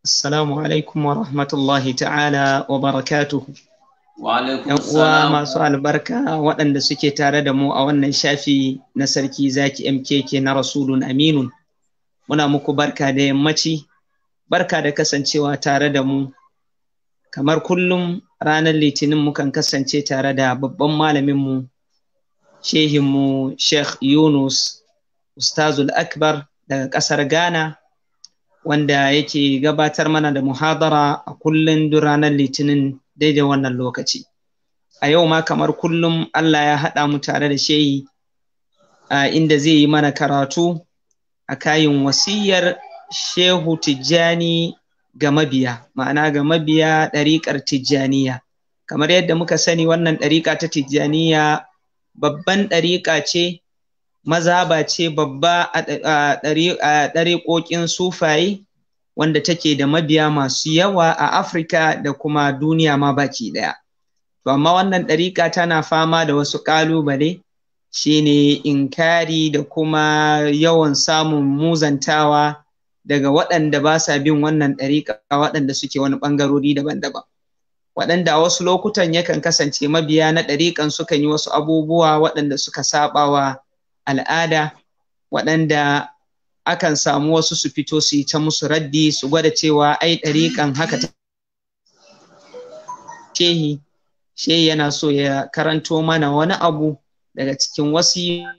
Assalamu alaikum wa rahmatullahi ta'ala wa barakatuhu. Yan uwa masu albarka waɗanda suke tare da mu a wannan shafi na sarki zaki keke na Rasulun Aminu. Muna muku barka da yammaci, barka da kasancewa tare da mu. Kamar kullum ranar litinin mukan kasance tare da babban malaminmu, shehinmu Sheikh Yunus, Ustazul Akbar daga ƙasar Ghana. wanda yake gabatar mana da muhadara a kullum duk ranar litinin daidai wannan lokaci a yau ma kamar kullum allah ya haɗa mu tare da shehi inda zai yi mana karatu a kayin wasiyar shehu tijjani ga mabiya ma'ana ga mabiya ɗariƙar tijjaniya kamar yadda muka sani wannan ɗariƙa ta tijjaniya babban ɗariƙa ce Maza ba ce babba a ɗariƙoƙin sufaye wanda take da mabiya masu yawa a Afirka da kuma duniya ma baki ɗaya. To amma wannan ɗariƙa tana fama da wasu ƙalubale shine inkari da kuma yawan samun muzantawa daga waɗanda ba sa bin wannan ɗariƙa waɗanda suke wani ɓangarori daban-daban. waɗanda a wasu lokutan yakan kasance mabiya na ɗariƙan sukan yi wasu abubuwa waɗanda suka saɓawa al'ada waɗanda akan samu wasu su fito su yi ta musu raddi su gwada cewa ai ɗariƙan haka ta shehi shehi yana so ya karanto mana wani abu daga cikin wasu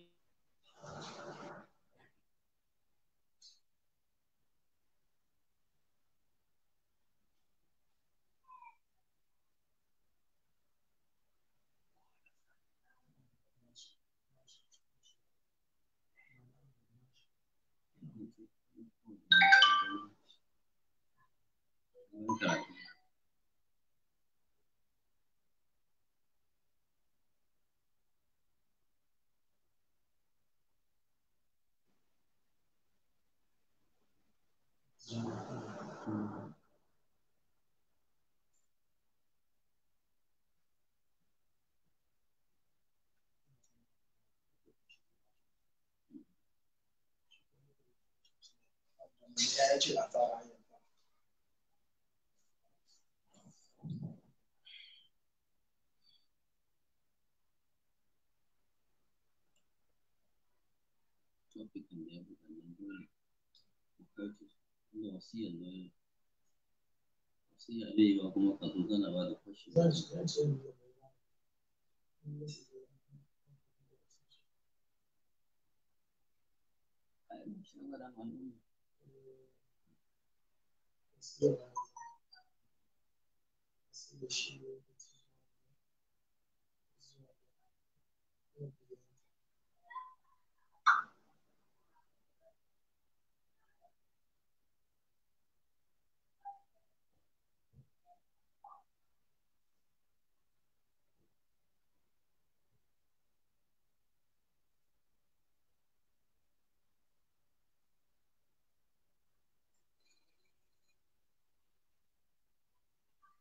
Okay. I thought I 都不可能不可能不能，我看就老师很多，老师也没有跟我沟通，跟他玩的开心。哎，你现在干嘛呢？是，是。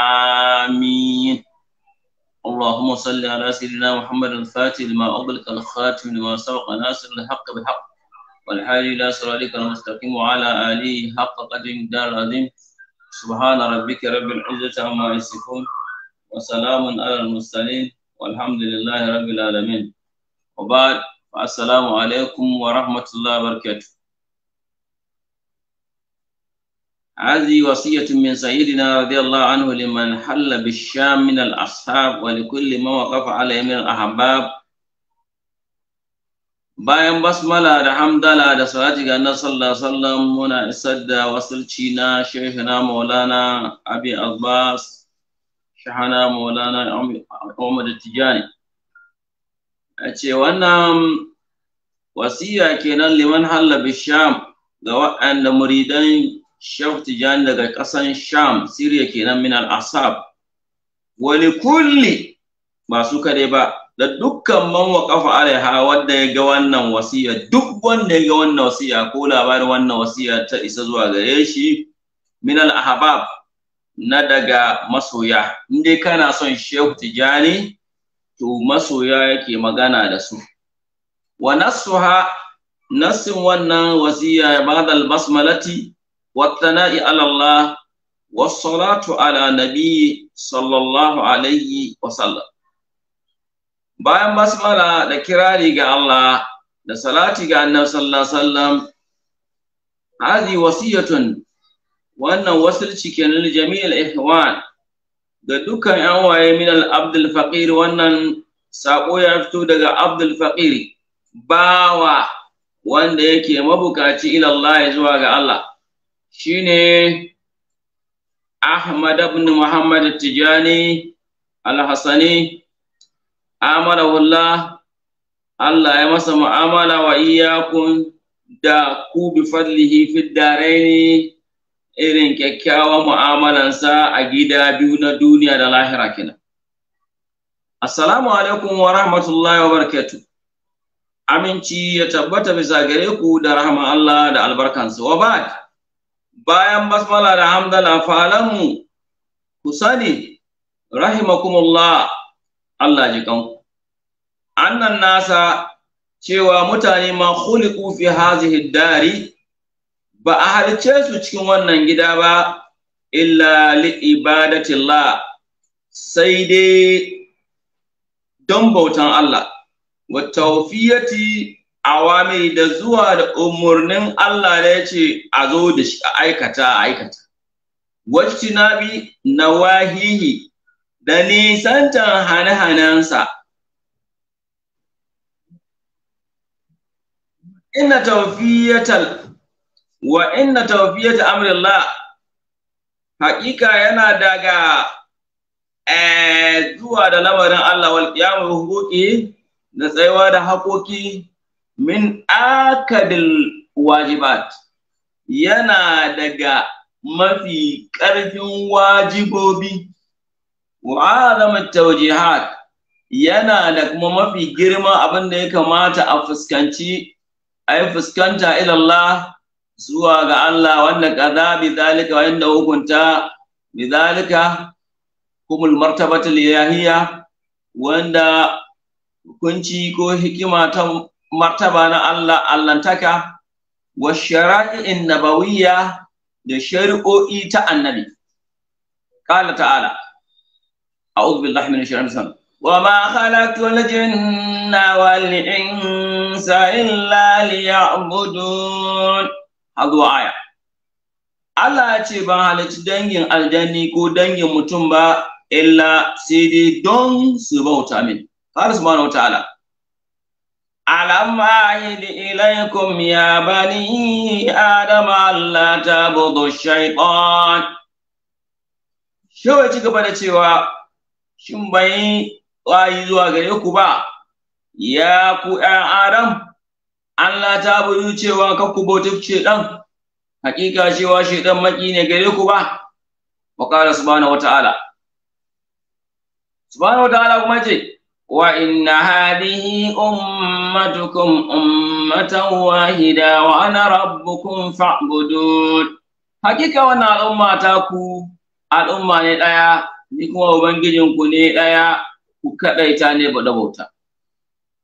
آمين اللهم صل على سيدنا محمد الفاتح لما أغلق الخاتم لما سبق ناصر الحق بالحق والحالي لا صراط المستقيم وعلى آله حق قدر دار العظيم سبحان ربك رب العزة عما يصفون وسلام على المرسلين والحمد لله رب العالمين وبعد السلام عليكم ورحمة الله وبركاته هذه وصية من سيدنا رضي الله عنه لمن حل بالشام من الأصحاب ولكل ما وقف عليه من الأحباب bayan basmala da hamdala da salati ga annabi sallallahu alaihi wasallam muna isar da wasulci na shehuna maulana abi abbas shahana maulana umar tijani a ce wannan wasiya kenan liman halla bisham ga waɗanda muridan Sheikh Tijani daga ƙasan Sham, Siriya kenan min al-Asab. wani kulli masu su ba da dukkan man waqafa alaiha wanda ya ga wannan wasiya duk wanda ya ga wannan wasiya ko labarin wannan wasiya ta isa zuwa gare shi min al-ahbab na daga masoya in dai kana son Sheikh Tijani to masoya yake magana da su wa nasuha nasin wannan wasiya ba'da basmalati والثناء على الله والصلاة على نبي صلى الله عليه وسلم bayan basmala da kirari ga Allah da salati ga annabi sallallahu alaihi wasallam hadi wasiyatun wannan wasilci kenan jami'il ihwan da dukkan yan waye min al abdul faqir wannan sako ya fito daga abdul faqir bawa wanda yake mabukaci ila Allah zuwa ga Allah shine Ahmad ibn Muhammad Tijani Al-Hassani amalahullah Allah ya masa mu'amala wa iyakun da ku bi fadlihi fi daraini irin kyakkyawan mu'amalansa a gida biyu na duniya da lahira kenan Assalamu alaikum wa rahmatullahi wa barakatuh Aminci ya tabbata bisa gare ku da rahama Allah da albarkansa wa ba'd bayan basmala da hamdala falanmu ku sani rahimakumullah Allah ji kanku annan nasa cewa mutane ma khuliqu fi hadhihi dari ba a halice su cikin wannan gida ba illa li ibadatillah sai dai don bautan Allah wa tawfiyati awami da zuwa da umurnin Allah da ya ce a zo da shi a aikata a aikata. Wacce na bi na wahihi da nisanta hane-hanensa. Inna tawfiyatal wa inna tawfiyata amrillah haƙiƙa yana daga eh, zuwa da lamarin Allah wal qiyamu na da tsayuwa da haƙoƙi min akadil wajibat yana daga mafi ƙarfin wajibobi wa azama tawjihat yana da kuma mafi girma abin da ya kamata a fuskanci a yi fuskanta ilallah zuwa ga Allah wanda kaza bi zalika inda hukunta bi zalika kumul martabatul yahiya wanda hukunci ko hikima ta martaba na Allah allantaka wa shara'i'in nabawiyya da shari'o'i ta annabi qala ta'ala a'udhu billahi minash shaitanir rajim وما خلقت الجن والإنس إلا ليعبدون هذا Aya. Allah ya ce ban halarci dangin aljanni ko dangin mutum ba illa sai dai don su bauta min. Har subhanahu wataala ألم أعهد إليكم يا بني Allah ta تعبدوا الشيطان شو gaba da cewa shin bayi wayi zuwa gare ku ba ya ku ‘yan adam Allah ta buyu cewa ka ku bautar ɗan? hakika cewa shi ɗan maki ne gare ku ba wa qala subhanahu wata'ala subhanahu wata'ala kuma ce wa inna hadhihi umma أمتكم أمة واحدة وأنا ربكم فاعبدون حقيقة وأنا الأمة تاكو الأمة ne ɗaya, ku كوني نتايا وكأيتا نبدأ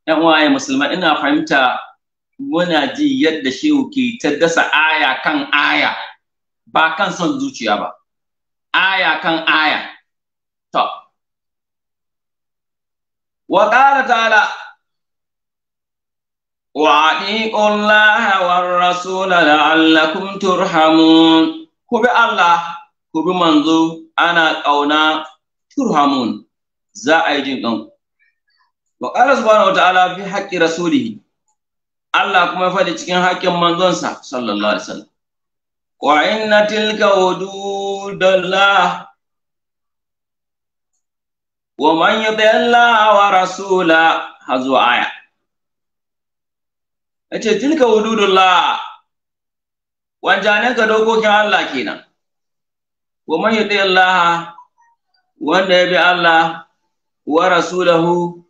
‘Yan waye musulmai ina fahimta muna ji yadda shehu ke ta dasa aya aya ba kan son zuciya ba, aya aya. To, wa ƙara ta'ala وأطيعوا الله والرسول لعلكم ترحمون كبي الله كبي منزو أنا أونا ترحمون za a yi jin ɗan. Wa ƙara ta'ala fi haƙƙi rasulihi Allah kuma ya faɗi cikin haƙƙin manzonsa sallallahu alaihi wasallam. Wa inna tilka hududallah wa aya. yace tilka hududullah wanjanen ka dokokin Allah kenan wa man yuti Allah wanda ya bi Allah wa rasulahu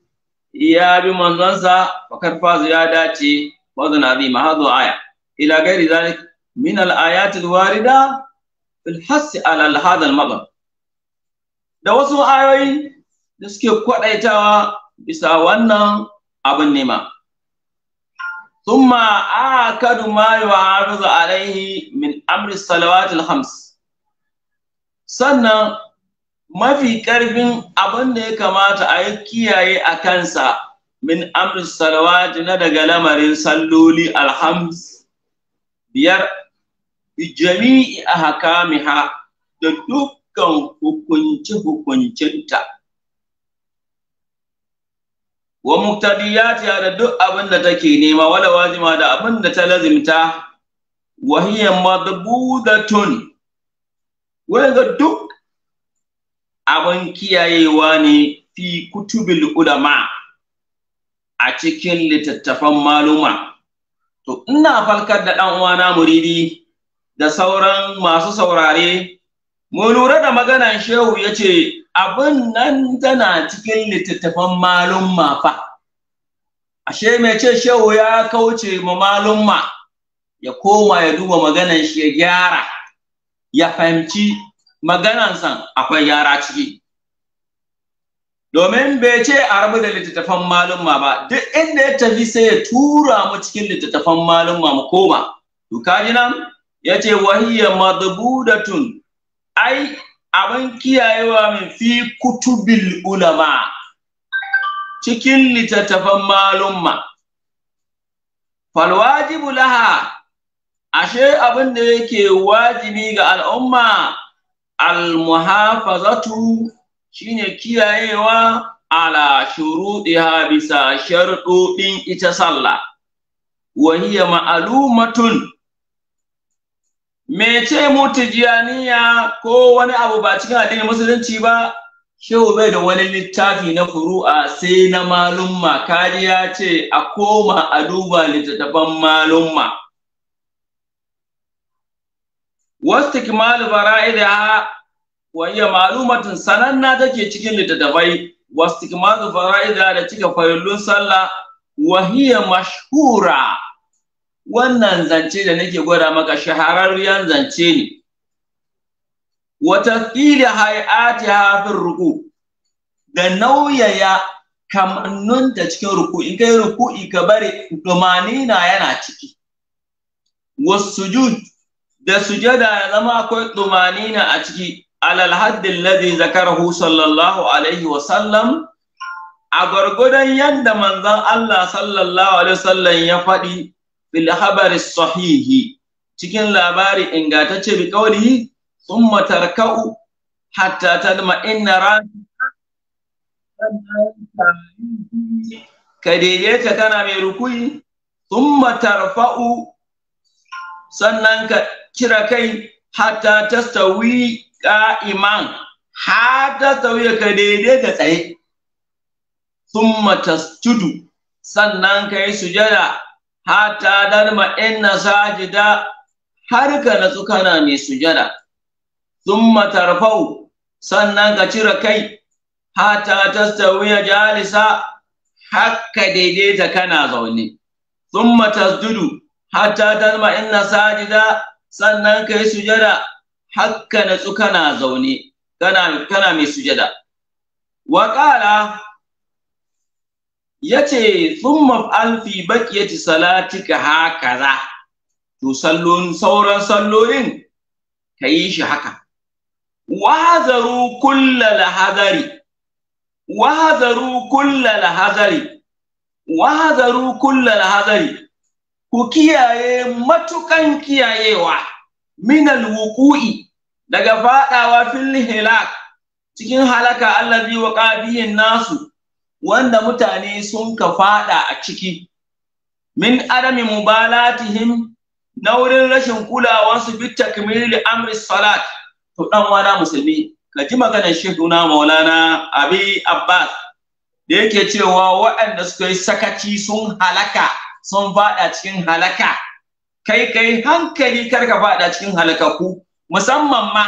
ya bi manzansa fakar fazu ya dace fazun azima hazo aya ila gairi zalik min al ayatil warida fil hass ala hada al magan da wasu ayoyi da suke kwadaitawa bisa wannan abin nema ثم آكد ما يعارض عليه من أمر الصلوات الخمس sannan mafi ƙarfin abin da ya kamata a yi kiyaye a kansa min amrin salawati na daga lamarin salloli alhams biyar jami'i a hakamiha da dukkan hukunce-hukuncinta wa muktadiyati da duk abin da take nema wala wajima da abin da ta lazimta wa hiya madbudatun wanda duk abin kiyayewa ne fi kutubil ulama a cikin littattafan maluma to ina falkar da dan uwana muridi da sauran masu saurare mu lura da maganan shehu yace abin nan tana cikin littattafan malumma fa ashe mai ce shehu ya kauce ma malumma ya koma ya duba maganan shi ya gyara ya fahimci maganansa akwai yara ciki domin bai ce a rabu da littattafan malumma ba duk inda ya tafi sai ya tura mu cikin littattafan malumma mu koma to kaji nan ya ce wahiyya madbudatun ai abin kiyayewa mai fi kutubil ulama cikin littattafan malumma falwajibu laha ashe abin da yake wajibi ga al'umma almuhafazatu shine kiyayewa ala shuruɗiha bisa sharɗoɗin ita sallah wa hiya ma'lumatun mece mu ko wani abu ba cikin addinin musulunci ba shehu bai da wani littafi na furu'a sai na malumma kariya ce a koma a duba littattafan malumma wastikmal fara'ida wa iya malumatin sananna take cikin littattafai wasu wastikmal fara'ida da cika farillun sallah wahiyar mashura mashhura wannan zance da nake gwada maka shahararriyar zance ne wa tafkili haiati hafin ruku da nauyaya kamannunta cikin ruku in kai ruku'i ka bari dumanina yana ciki wasujud da sujada ya zama akwai dumanina a ciki alal haddin ladhi zakarahu sallallahu alaihi wa sallam a gwargwadon yadda manzon Allah sallallahu alaihi wa sallam ya faɗi fil habari sahihi cikin labari ingatacce bi qawlihi thumma tarka'u hatta tadma inna ra'i ka daidaita kana mai rukuyi thumma tarfa'u sannan ka kira kai hatta tastawi qa'iman hatta tastawi ka daidaita tsaye thumma tasjudu sannan ka yi sujada hatta darma inna sajida har ka natsu kana mai sujada thumma tarfau sannan ka cire kai hatta tastawiya jalisa hakka daidaita kana zaune thumma tasjudu hatta darma inna sajida sannan ka sujada hakka natsu kana zaune kana kana mai sujada wa qala yace thumma alfi baqiyati salatika hakaza to sallon sauran sallolin kayi shi haka wahazaru kullal hadari wahazaru kullal hadari wahazaru kullal hadari ku kiyaye matukan kiyayewa minal wuku'i daga fadawa fil hilak cikin halaka allazi waqa bihin nasu wanda mutane sun ka fada a ciki min adami mubalatihim na wurin rashin su bi takmili amri salat to dan wana musulmi ka ji maganar na maulana abi abbas da yake cewa waɗanda suka yi sakaci sun halaka sun fada cikin halaka kai kai hankali kar ka fada cikin halakaku musamman ma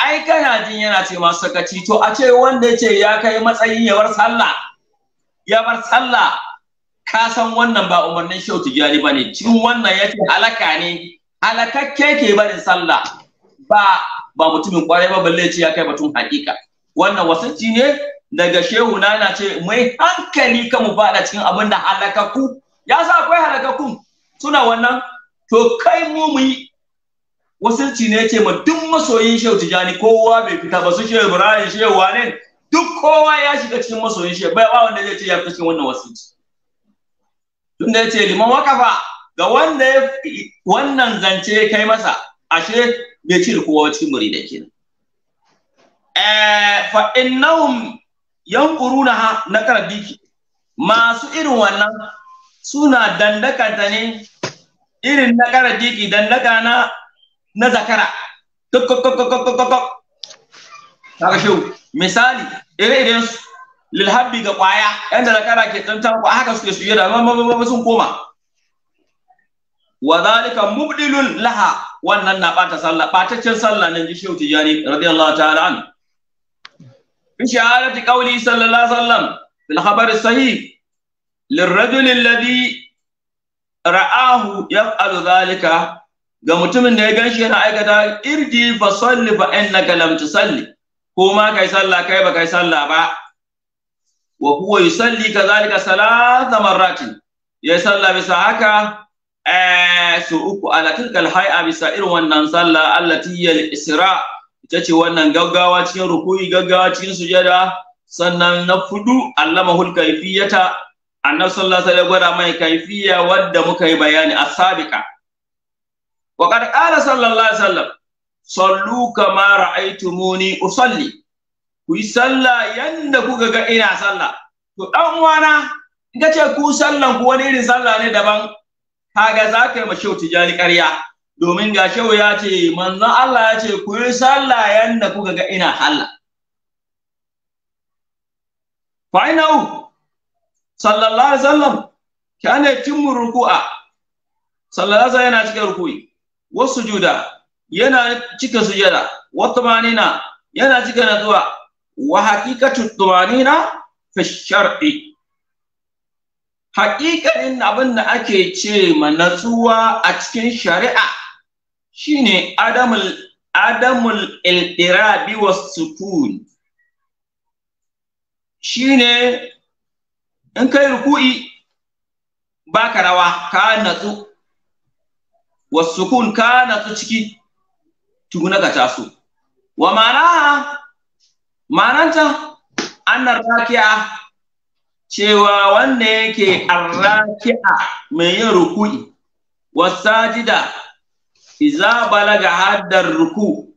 ai kana jin yana ce masu sakaci to a ce wanda ya ya kai matsayin yawar sallah ya bar sallah ka san wannan ba umarnin shehu tijjani ba ne cikin wannan ya ce halaka ne halakakke ke barin sallah ba ba mutumin kwarai ba balle ce ya kai batun hakika wannan wasanci ne daga shehu na na ce mai hankali ka mu bada cikin abin da halakaku ya sa akwai halakakun suna wannan to kai mu mu yi wasanci ne ce ma duk masoyin shehu tijjani kowa bai fita ba su shehu ibrahim shehu walid duk kowa ya shiga cikin masoyin shi bai ba wanda zai ce ya fita cikin wannan wasici tunda ya ce liman wakafa ga wanda ya wannan zance ya kai masa ashe bai cire kowa cikin muridai kenan eh fa innahum yanqurunaha na karabiki masu irin wannan suna dandakanta ne irin na karadiki dandaka na na zakara kaga misali ire-iren su lilhabbi ga ƙwaya yanda da kara ke tsantar ku haka suke suyi da mamamama sun koma wa zalika mubdilun laha wannan na bata sallah bataccen sallah nan ji shehu tijani radiyallahu ta'ala an bi shahadati qawli sallallahu alaihi wasallam fil khabar sahih lirrajul alladhi ra'ahu yaf'alu zalika ga mutumin da ya ganshi yana aikata irji fa salli fa innaka lam tusalli ko ma kai sallah kai ba kai sallah ba wa huwa yusalli kadhalika salata marratin ya sallah bisa haka eh su uku ala tilka alhay'a bisa irin wannan sallah allati yal isra ita ce wannan gaggawa cikin rukuyi gaggawa cikin sujada sannan na fudu allama hul kaifiyata annabi sallallahu alaihi wasallam gwada mai kaifiya wadda muka yi bayani a sabiqa wa qad qala sallallahu alaihi wasallam sallu kama muni usalli ku yi sallah yanda kuka ga ina sallah to dan wana in ka ce ku sallan ku wani irin sallah ne daban kaga za ka yi mashau tijani ƙarya domin ga shehu ya ce manzon Allah ya ce ku yi sallah yanda kuka ga ina salla fa inau sallallahu alaihi wasallam kana timmu ruku'a sallallahu alaihi yana cikin ruku'i wasu juda yana cika sujada wa tumanina yana cika natsuwa wa haqiqatu tumanina fi shar'i haƙiƙanin abin da ake ce ma natsuwa a cikin shari'a shine adamul adamul iltirabi was sukun shine in kai ruku'i baka rawa ka natsu was sukun ka natsu ciki tuguna ka taso wa ma'ana ma'ananta annar raki'a cewa wanda yake arraki'a mai yin ruku'i wasajida iza balaga haddar ruku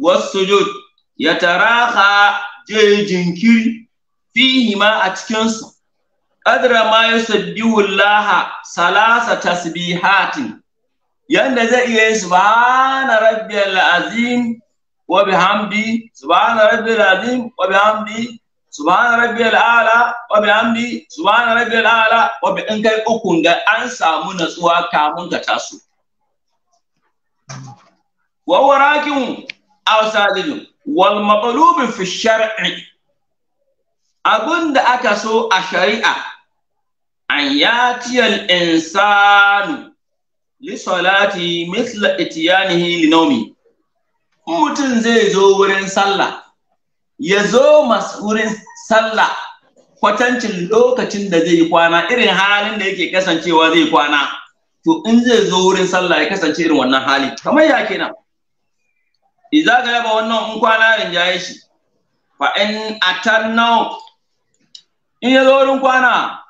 wasujud ya taraka je jinkiri fihi ma a cikinsu ƙadra ma ya sabbihu salasa tasbihatin yanda zai iya yin subhana rabbiyal azim wa bihamdi subhana rabbiyal azim wa bihamdi subhana rabbiyal ala wa bihamdi subhana rabbiyal ala wa bi in kai ukun ga an samu natsuwa kamun ka taso wa warakin aw wal maqlub fi shar'i da aka so a shari'a an yatiyal insanu lisalati mithla itiyanihi li mutum zai zo wurin sallah ya zo masurin sallah kwatancin lokacin da zai kwana irin halin da yake kasancewa zai kwana to in zai zo wurin sallah ya kasance irin wannan hali kamar ya kenan idza ga yaba wannan in kwana jaye shi fa in atanna in ya zo wurin kwana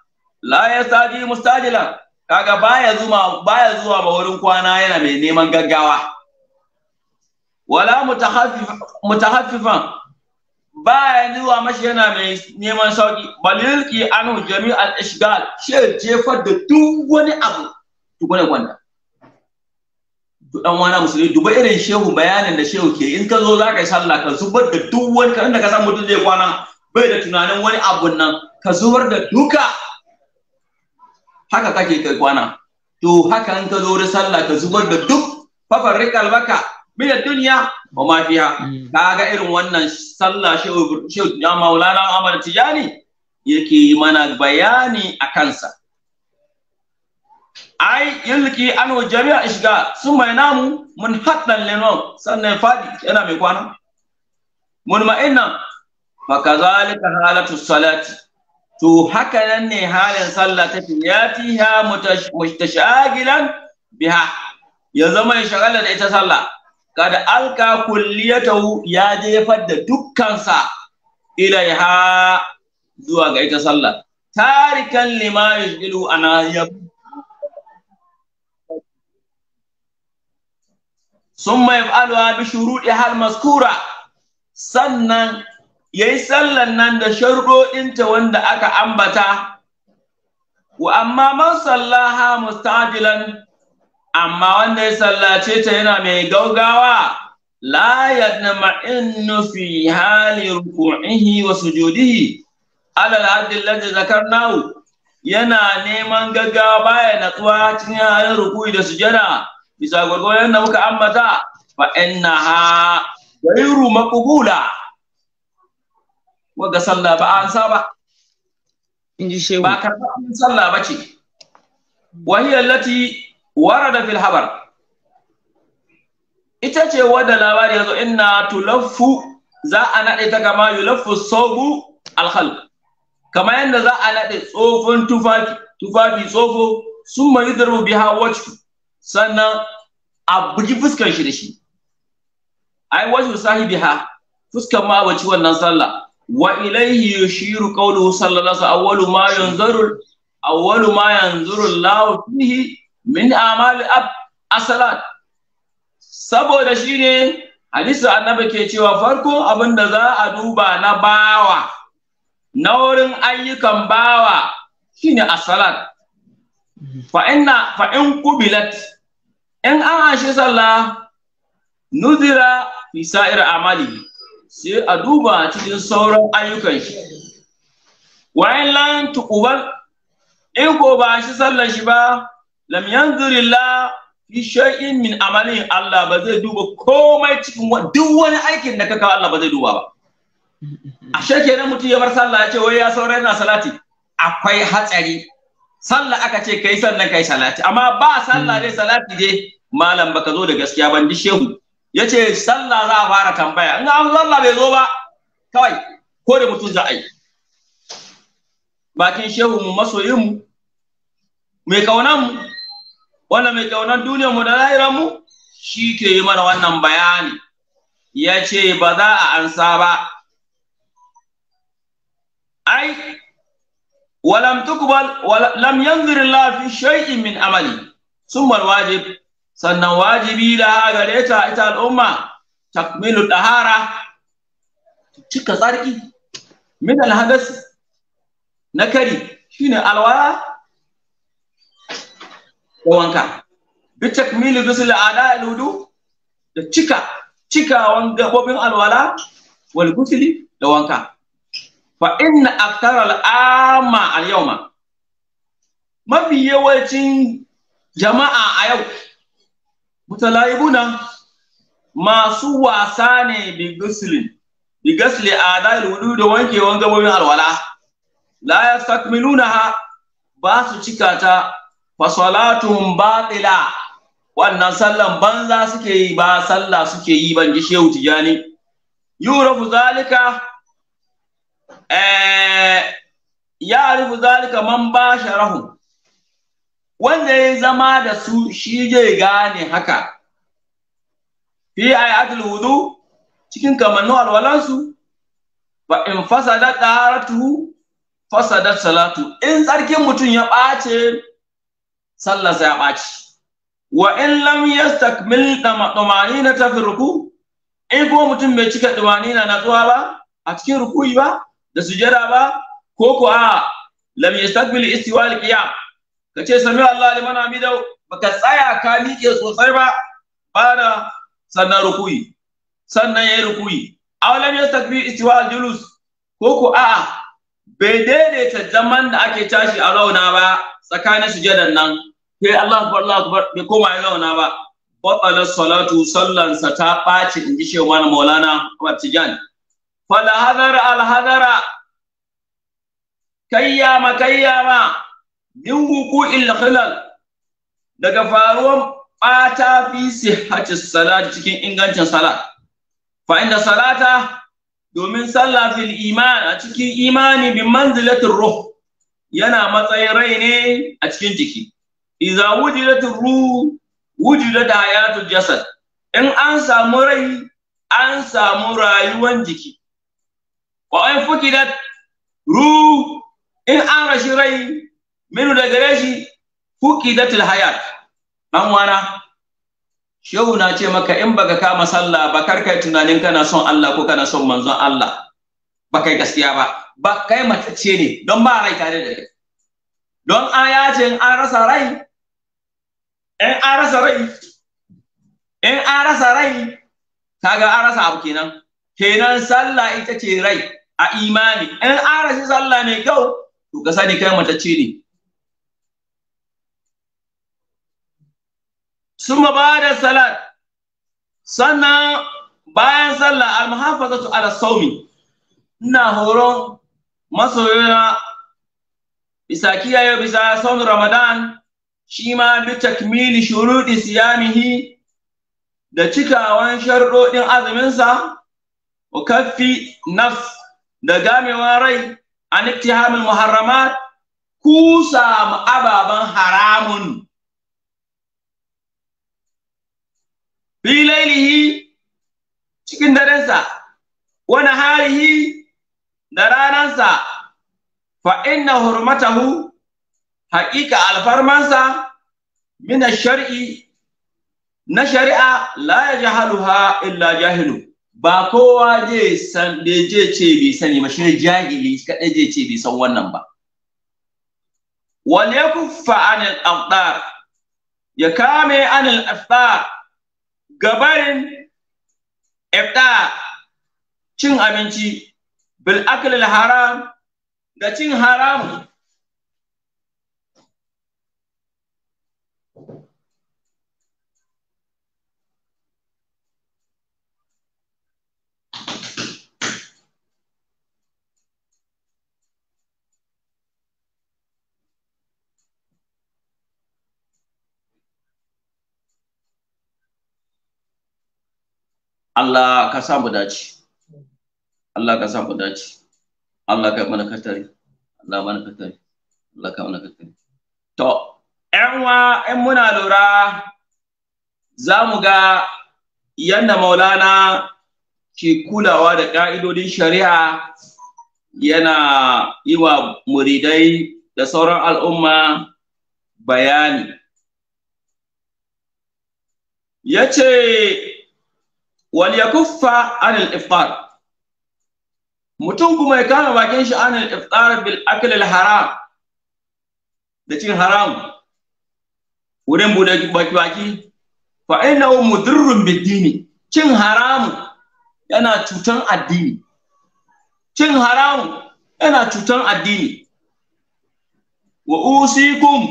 la sadi mustajilan kaga baya zuwa baya zuwa ba wurin kwana yana mai neman gaggawa wala mutahafifan baya zuwa mashi yana mai neman sauki balilki anu jami'al ishgal shi jefar da duk wani abu Duk tukunan kwanda. dan wani musulmi duba irin shehu bayanin da shehu ke in ka zo za ka yi sallah ka zubar da duk wani kan da ka san mutum zai kwana bai da tunanin wani abun nan ka zubar da duka haka kake kai kwana to haka in ka zo da sallah ka zubar da duk fafarrikal baka min duniya ba ma mm. Ka kaga irin wannan sallah shehu ya maulana Ahmad Tijani yake mana bayani a kansa ai yalki anu jami'a ishga sun mai namu mun haddan lenon sannan fadi yana mai kwana mun ma'inna fa kazalika halatu salati to haka nan ne halin sallah ta yatiha mutashagilan biha ya zama ya shagala da ita sallah kada alka kulliyatahu ya jefar da dukkansa ilaiha zuwa ga ita sallah tarikan lima yashgilu ana ya summa yaf'aluha bi shuruɗi hal maskura sannan ya yi sallan nan da sharuɗoɗinta wanda aka ambata, wa amma man sallaha mustadilan amma wanda ya sallace ta yana mai gaugawa la yadma'innu fi hali ruku'ihi wa sujudihi alal al lajin zakar zakarnahu yana neman gaggawa baya natsuwa cikin halin ruku'i da sujada bisa gwargwaron da muka ambata na ha, ghayru maqbula wagga sallah ba an saba in ji shehu ba karɓar sallah ba ce wahiyar lati warada fil habar ita ce wadda labari yazo inna tulaffu za a naɗe ta kama yulaffu sogu alhal kama yadda za a naɗe tsofin tufafi tufafi tsofo sun mai yudarbu biha wacce sannan a bugi fuskar shi da shi ai wacce sahibi ha fuskar ma a wannan sallah wa ilaihi yushiru qawluhu sallallahu awwalu ma yanzuru awwalu ma yanzuru Allah fihi min amali ab asalat saboda shine hadisi annabi ke cewa farko abin da za a duba na bawa na wurin ayyukan bawa shine asalat fa inna fa in qubilat in an ashi sallah nuzira fi sa'ir amalihi sai a duba cikin sauran ayyukan shi wayan lan tuqbal in ko ba shi sallar shi ba lam yanzurillah fi shay'in min amalin Allah ba zai duba komai cikin duk wani aikin da kaka Allah ba zai duba ba A shake nan mutum ya bar sallah ya ce wai ya saurayi na salati akwai hatsari sallah aka ce kai sannan kai salati amma ba sallah dai salati dai malam baka zo da gaskiya ban di shehu ya ce sallah za a fara tambaya in an sallah bai zo ba kawai ko da mutum za a yi bakin shehu mu masoyin mu mai kaunan mu wanda mai kaunan duniyar mu da lahiran mu shi ke yi mana wannan bayani ya ce ba za a ansa ba ai walam tukbal walam yanzur Allah shay'in min amali summa wajib sannan wajibi da gare ta ita al'umma takmilu dahara cika tsarki min alhadas na kari shine alwala da wanka bi takmilu dusul ala aludu da cika cikawan gabobin alwala wal gusli da wanka fa inna aktar al'ama al yawma mafi yawancin jama'a a yau mutala'ibuna masu wasa ne bi guslin bi gasli adal wudu da wankewan gabobin alwala la yastakmilunaha ba su cika ta fa salatuhum batila wannan sallan banza suke yi ba sallah suke yi ban ji shehu tijani yurafu zalika eh ya arifu zalika man wanda ya zama da su shi zai gane haka fi ayatul wudu cikin kamannu alwalansu fa in fasada taratu fasada salatu in tsarkin mutum ya ɓace sallar ya ɓaci wa in lam yastakmil dumanina ta fi ruku in kuma mutum bai cika dumani na natsuwa ba a cikin rukuyi ba da sujada ba ko ko a lam yastakmil istiwal qiyam ka ce sami Allah liman hamidau baka tsaya ka miƙe sosai ba bana sannan rukui sannan yayi awalan ya takbir istiwa julus ko ku a'a bai daidaita zaman da ake tashi a rauna ba tsakanin sujadan nan Kai Allah akbar Allah akbar bai koma ya rauna ba batala salatu sallansa ta ɓaci in ji shewa na maulana Martijan. Fala hadara hadara kayyama kayyama min wuku'il khilal daga faruwan ɓata fi sihhati salat cikin ingancin salat fa inda salata domin sallah fil iman a cikin imani bi manzilatin ruh yana matsayin rai ne a cikin jiki idza wujidatir ruh wujidat hayatul jasad in an samu rai an samu rayuwar jiki wa in fukidat ruh in an rashi rai minu da gare shi fuqidatul hayat dan wana shehu na ce maka in baka kama sallah ba kar tunanin kana son Allah ko kana son manzon Allah ba kai gaskiya ba ba kai matacce ne don ba rai tare da kai don an yace in an rasa rai in an rasa rai in an rasa rai kaga an rasa abu kenan kenan sallah ita ce rai a imani in an rasa sallah mai kyau to ka sani kai matacce ne Suma ba'da salat sannan bayan sallah almuhafazatu ala saumi ina horon masoyana bisa kiyaye bisa saumin ramadan shi ma bi takmili shuruɗi siyamihi da cikawan sharuɗoɗin azuminsa wa kaffi nafs da gamewa rai an iktihamil muharramat kusa ababan haramun filailihi cikin darensa wani naharihi da ranansa fa inna hurmatahu haƙiƙa alfarmansa mina shari na shari'a la yajhaluha illa jahilu ba kowa je san da ce bai sani ba shine jahili kadai je ce bai san wannan ba wal yakuffa anil ya kame anil afdar gabarin ifta cin abinci bil haram da cin haram Allah ka sa mu dace Allah ka sa mu dace Allah ka mana katari Allah mana katari Allah ka mana katari to ƴan wa muna lura za mu ga yanda maulana ke kulawa da ƙa'idodin shari'a yana yi wa muridai da sauran al'umma bayani ya ce waliyakuffa anil iftar mutum kuma ya kama bakin shi anil iftar bil akl al haram da cin haram wurin bude baki baki fa innahu mudirrun bid dini cin haram yana cutan addini cin haram yana cutan addini wa usikum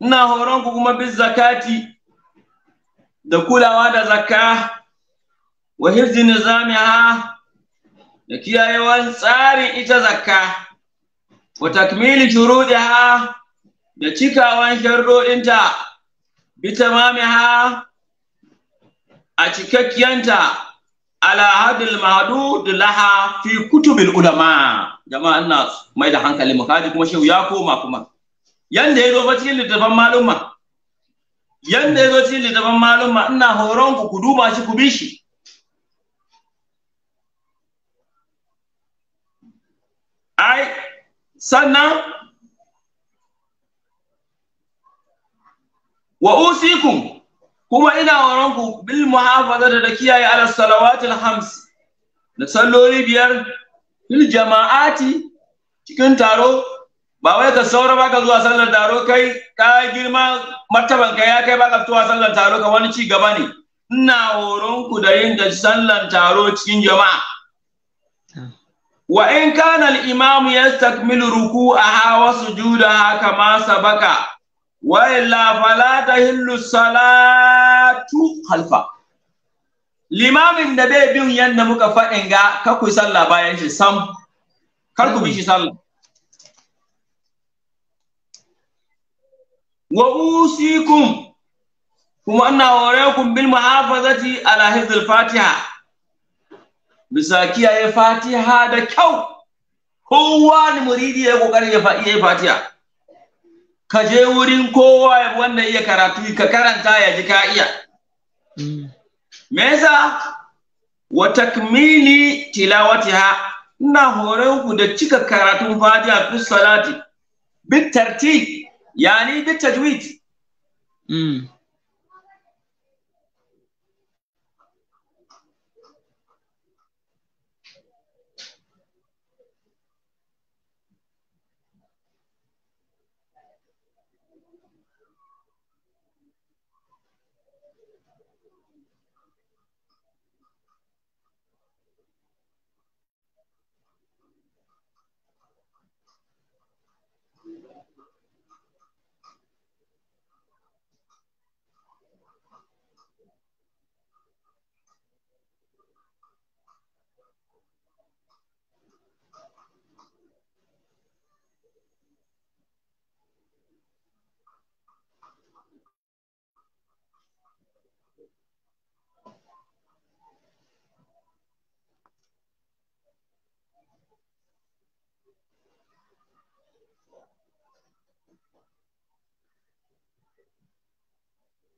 ina horon ku kuma bi zakati da kulawa da zakka wa hifzi nizamiha da kiyayewan tsarin ita zakka wa takmili shuruɗiha da cikawan sharuɗinta bi tamamiha a cikakkiyanta ala hadil mahdud laha fi kutubil ulama jama'a ina mai da hankali mu kaji kuma shehu ya koma kuma yanda yazo ba cikin littafin malumma yanda yazo cikin littafin malumma ina horon ku ku duba shi ku bi shi ai sannan wa usikum kuma ina waranku bil muhafaza da kiyaye ala salawatil hams da salloli biyar fil jama'ati cikin taro ba wai ka saura ba ka zuwa sallar taro kai ka girma martaban ka ya kai ba ka zuwa sallar taro ka wani ci gaba ne ina horonku da yin da sallar taro cikin jama'a wa in kana al-imamu yastakmilu ruku'aha wa sujudaha kama sabaka wa illa fala tahillu salatu khalfa limamin da bai bin yanda muka faɗin ga ka ku sallah bayan shi sam kar ku bi shi sallah wa usikum kuma ina hore ku bil muhafazati ala hizil fatiha bisa kiyaye fatiha da kyau kowa ni muridi ya kokari ya yi fatiha ka je wurin kowa wanda iya karatu ka karanta ya ji ka iya me yasa wa takmili tilawatiha ina horon ku da cika karatun fatiha ku salati bit tartib yani bit tajwid mm.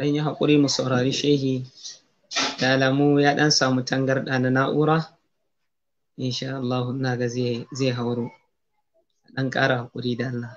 dan yi haƙuri mu saurari shehi da alamu ya dan samu tangarɗa na na'ura insha Allah ga zai hauro dan ƙara haƙuri da Allah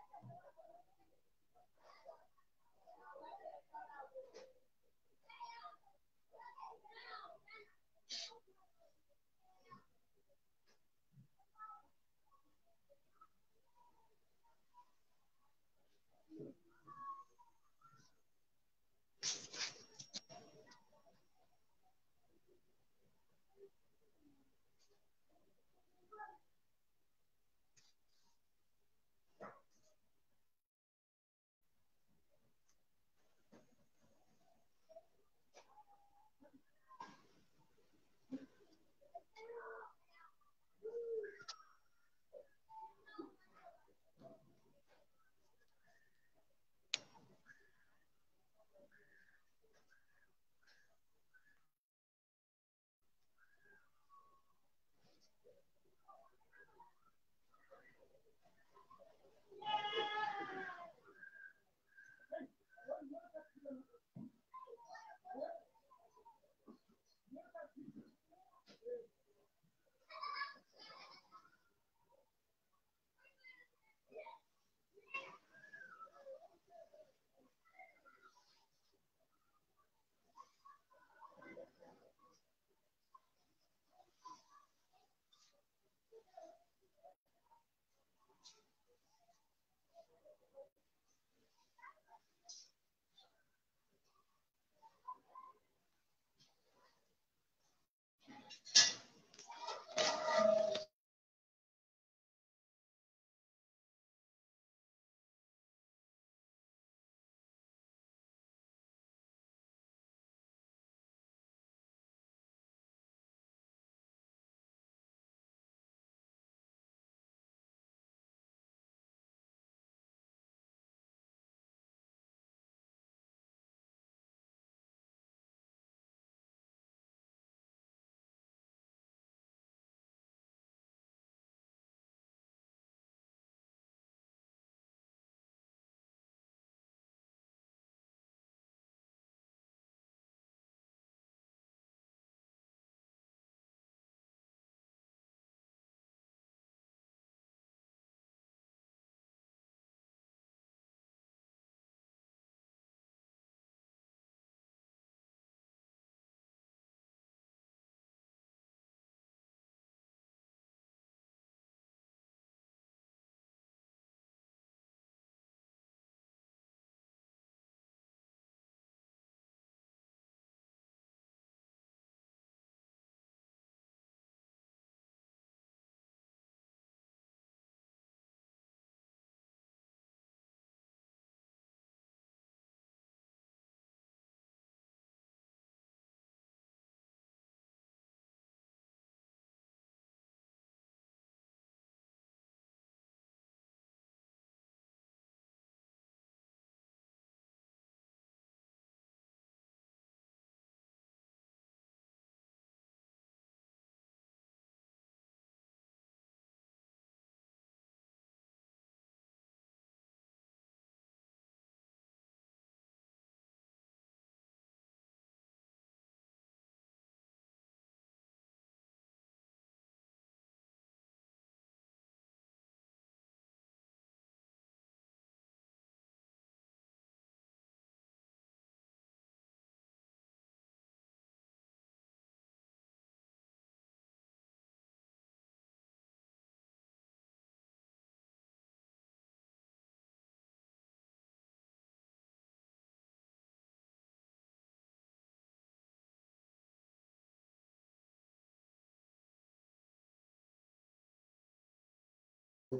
To,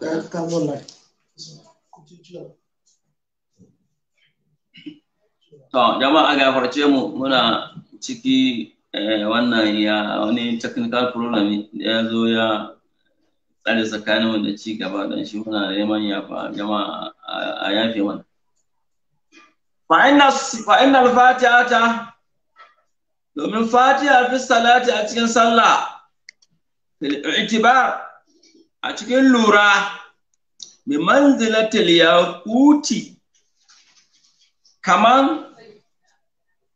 jama'a farce mu muna ciki eh, wannan ya wani technical problem ya zo ya tsare tsakanin da ci gaba don shi muna neman ya fa jama'a a yafe mana. Fa'in al-fatiha ta domin fatiha fi salati a cikin sallah itibar a cikin lura bi manzilatil yaquti kaman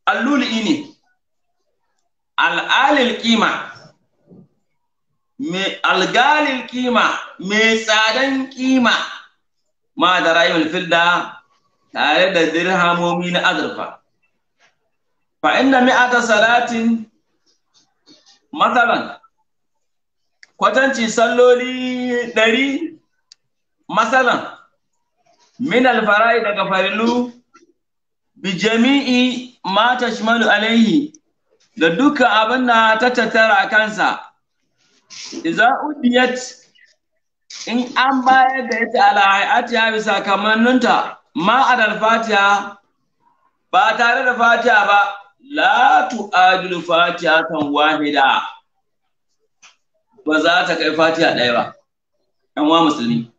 alluli ne al'alil kima algalil kima mai tsadan ƙima. ma rayuwar filda tare da dirhamomi na azurfa fa inda mi'ata salatin matsalan kwatanci salloli ɗari masalan min alfara'i daga farilu bi jami'i ma tashmalu alaihi da dukkan abin da ta tattara a kansa idza udiyat in an bayar da ita ala hayatiha bisa kamanninta ma adal fatiha ba tare da fatiya ba la tu'adul fatiha tan wahida ba za ta kai fatiha ɗaya ba ɗan wa musulmi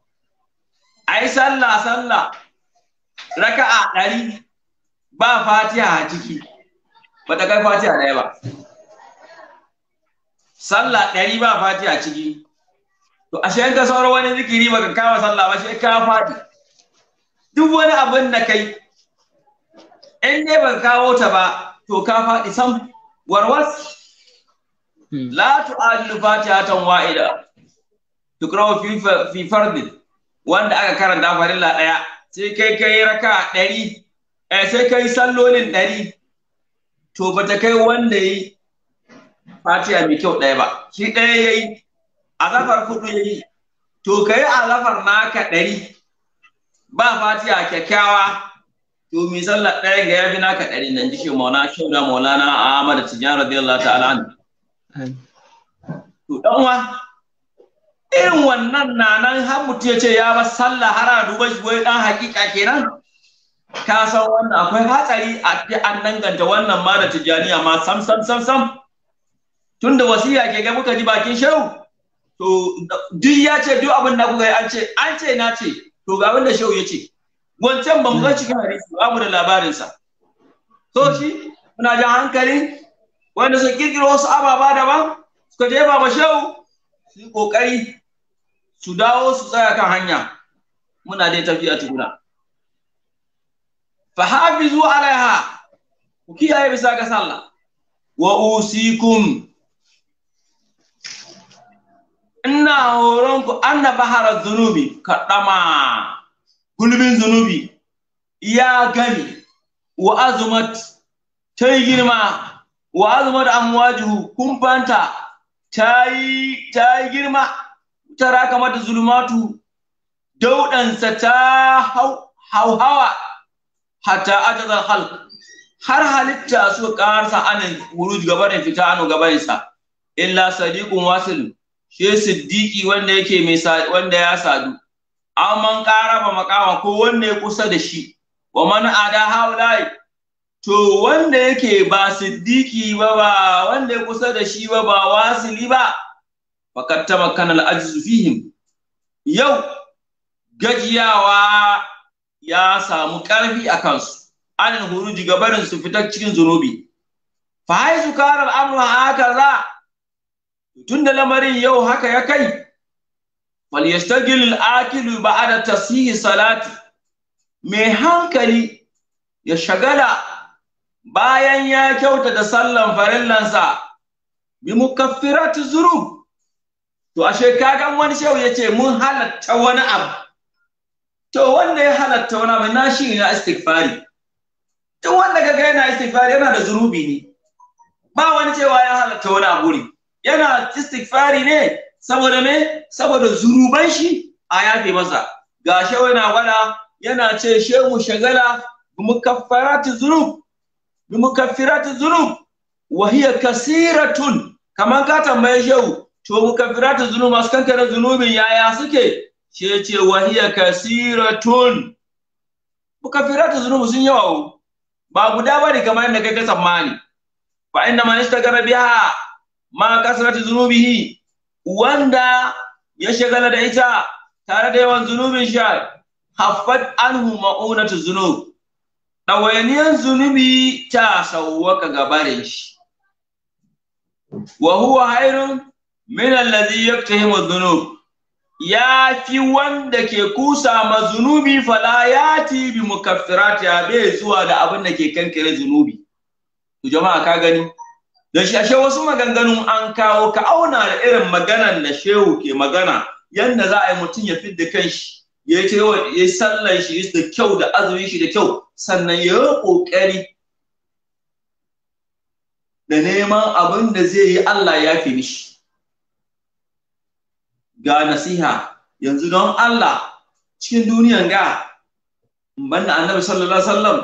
ai sallah sallah raka'a ɗari ba fatiha a ciki ba ta kai fatiha ɗaya ba sallah ɗari ba fatiha a ciki to ashe in ka sauran wani zikiri ba ka kama sallah ba shi ka fadi duk wani abin da kai in ne baka kawo ta ba to ka faɗi sam warwas la tu'adilu fatihatan wa'ida tukrahu fi fi wanda aka karanta farilla daya sai kai kai raka ɗari sai kai sallolin ɗari to ba ta kai wanda yi fatiha mai kyau ɗaya ba shi ɗaya yayi azafar kudu yayi to kai azafar naka ɗari ba fatiha kyakkyawa to mi sallar ɗaya ga yafi naka ɗari nan jike maulana shauda maulana ahmad tijan radiyallahu ta'ala anhu to dan uwa irin wannan na nan har Mutu ya ce ya ba sallah har a duba shi wai dan hakika kenan ka san wannan akwai hatsari a an danganta wannan ma da tijaniya ma sam sam sam sam tunda wasiya ke ga muka ji bakin shehu to duk ya ce duk abin da kuka yi an ce an ce na ce to ga abin da ya ce wancan ba mu ga cikin hadisi ba mu da labarinsa to shi muna jan hankali wanda suka kirkiro wasu ababa daban suka je ma shehu su yi kokari su dawo su tsaya kan hanya muna dai tafiya tukuna fa hafizu alaiha ku kiyaye bisa ga sallah wa usikum ina horon ku anna bahara zunubi kaɗama gulbin zunubi ya gani wa azumat ta girma wa da amwajuhu kumfanta ta yi girma ta raka mata zulumatu daudansa ta hauhawa hatta ajazal halk har halitta suka karsa anan wuruj da fita ano gabarinsa illa sadiqun wasil shi siddiqi wanda yake mai wanda ya sadu amman qaraba makawa ko wanda ya kusa da shi wa man ada haulai to wanda yake ba siddiki ba ba wanda ya kusa da shi ba ba wasili ba fakat tamakkana al-ajzu fihim yau gajiyawa ya samu karfi a kansu anin huruji gabarin su fita cikin zunubi fa haisu kara al-amru haka za tunda lamarin yau haka ya kai yastajil al-akilu ba'da tasihi salati mai hankali ya shagala bayan ya kyautata sallan farillansa bi mukaffirat zurub to ashe kagan wani shehu yace mun halatta wani abu to wanda ya halatta wani abu na shi ne istighfari to wanda ga yana istighfari yana da zurubi ne ba wani cewa ya halatta wani abu ne yana istighfari ne saboda me saboda zuruban shi a yafe masa ga shehu yana gwada yana ce shehu shagala mukaffarat mukaffarati zurub bi zunub dhunub wa hiya kasiratun kaman ka tambaye shehu to mukaffirati dhunub masu kankare zunubin yaya suke she ce wa hiya kasiratun mukaffirati dhunub sun yawa ba guda ne kamar yadda kai ka tsammani fa inna man ishtagara biha ma kasrati dhunubihi wanda ya shagala da ita tare da yawan zunubin sha haffat anhu ma'unatu zunub ɗawainiyar zunubi ta sauwaka ga barin shi wa huwa hairun min allazi yaktahimu dhunub ya fi wanda ke kusa ma zunubi ya ti bi ya bai zuwa da abin da ke kankare zunubi to jama'a ka gani da shi ashe wasu maganganun an kawo ka auna da irin maganan da shehu ke magana yanda za a yi mutum ya fidda kanshi ya yi sallan shi da kyau da azumin shi da kyau sannan ya yi ƙoƙari da neman abin da zai yi Allah ya fi mishi. Ga nasiha yanzu don Allah cikin duniyan ga banda annabi sallallahu alaihi wasallam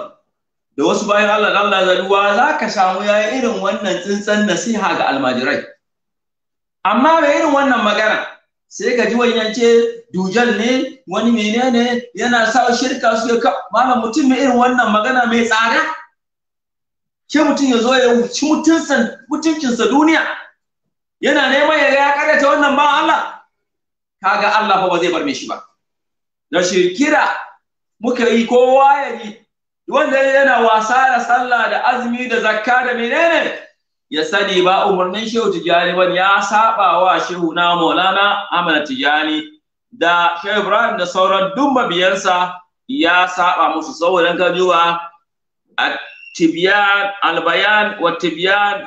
da wasu bayan Allah Allah zaduwa za ka samu yayi irin wannan tsintsan nasiha ga almajirai. Amma bai irin wannan magana sai ka ji wani ce dujal ne wani menene yana sa shirka su ya malam mutum mai irin wannan magana mai tsada ke mutum ya zo ya wuce mutuncinsa duniya yana neman ya ya karanta wannan ba Allah kaga Allah ba zai bar shi ba da shirkira muka yi kowa ya yi wanda yana wasa da sallah da azumi da zakka da menene ya sani ba umarnin shehu tijani ba ya saba wa shehu na maulana amana Tijjani da shehu ibrahim da sauran duk mabiyansa ya saba musu saboda ka duba a tibiyan albayan wa tibiyan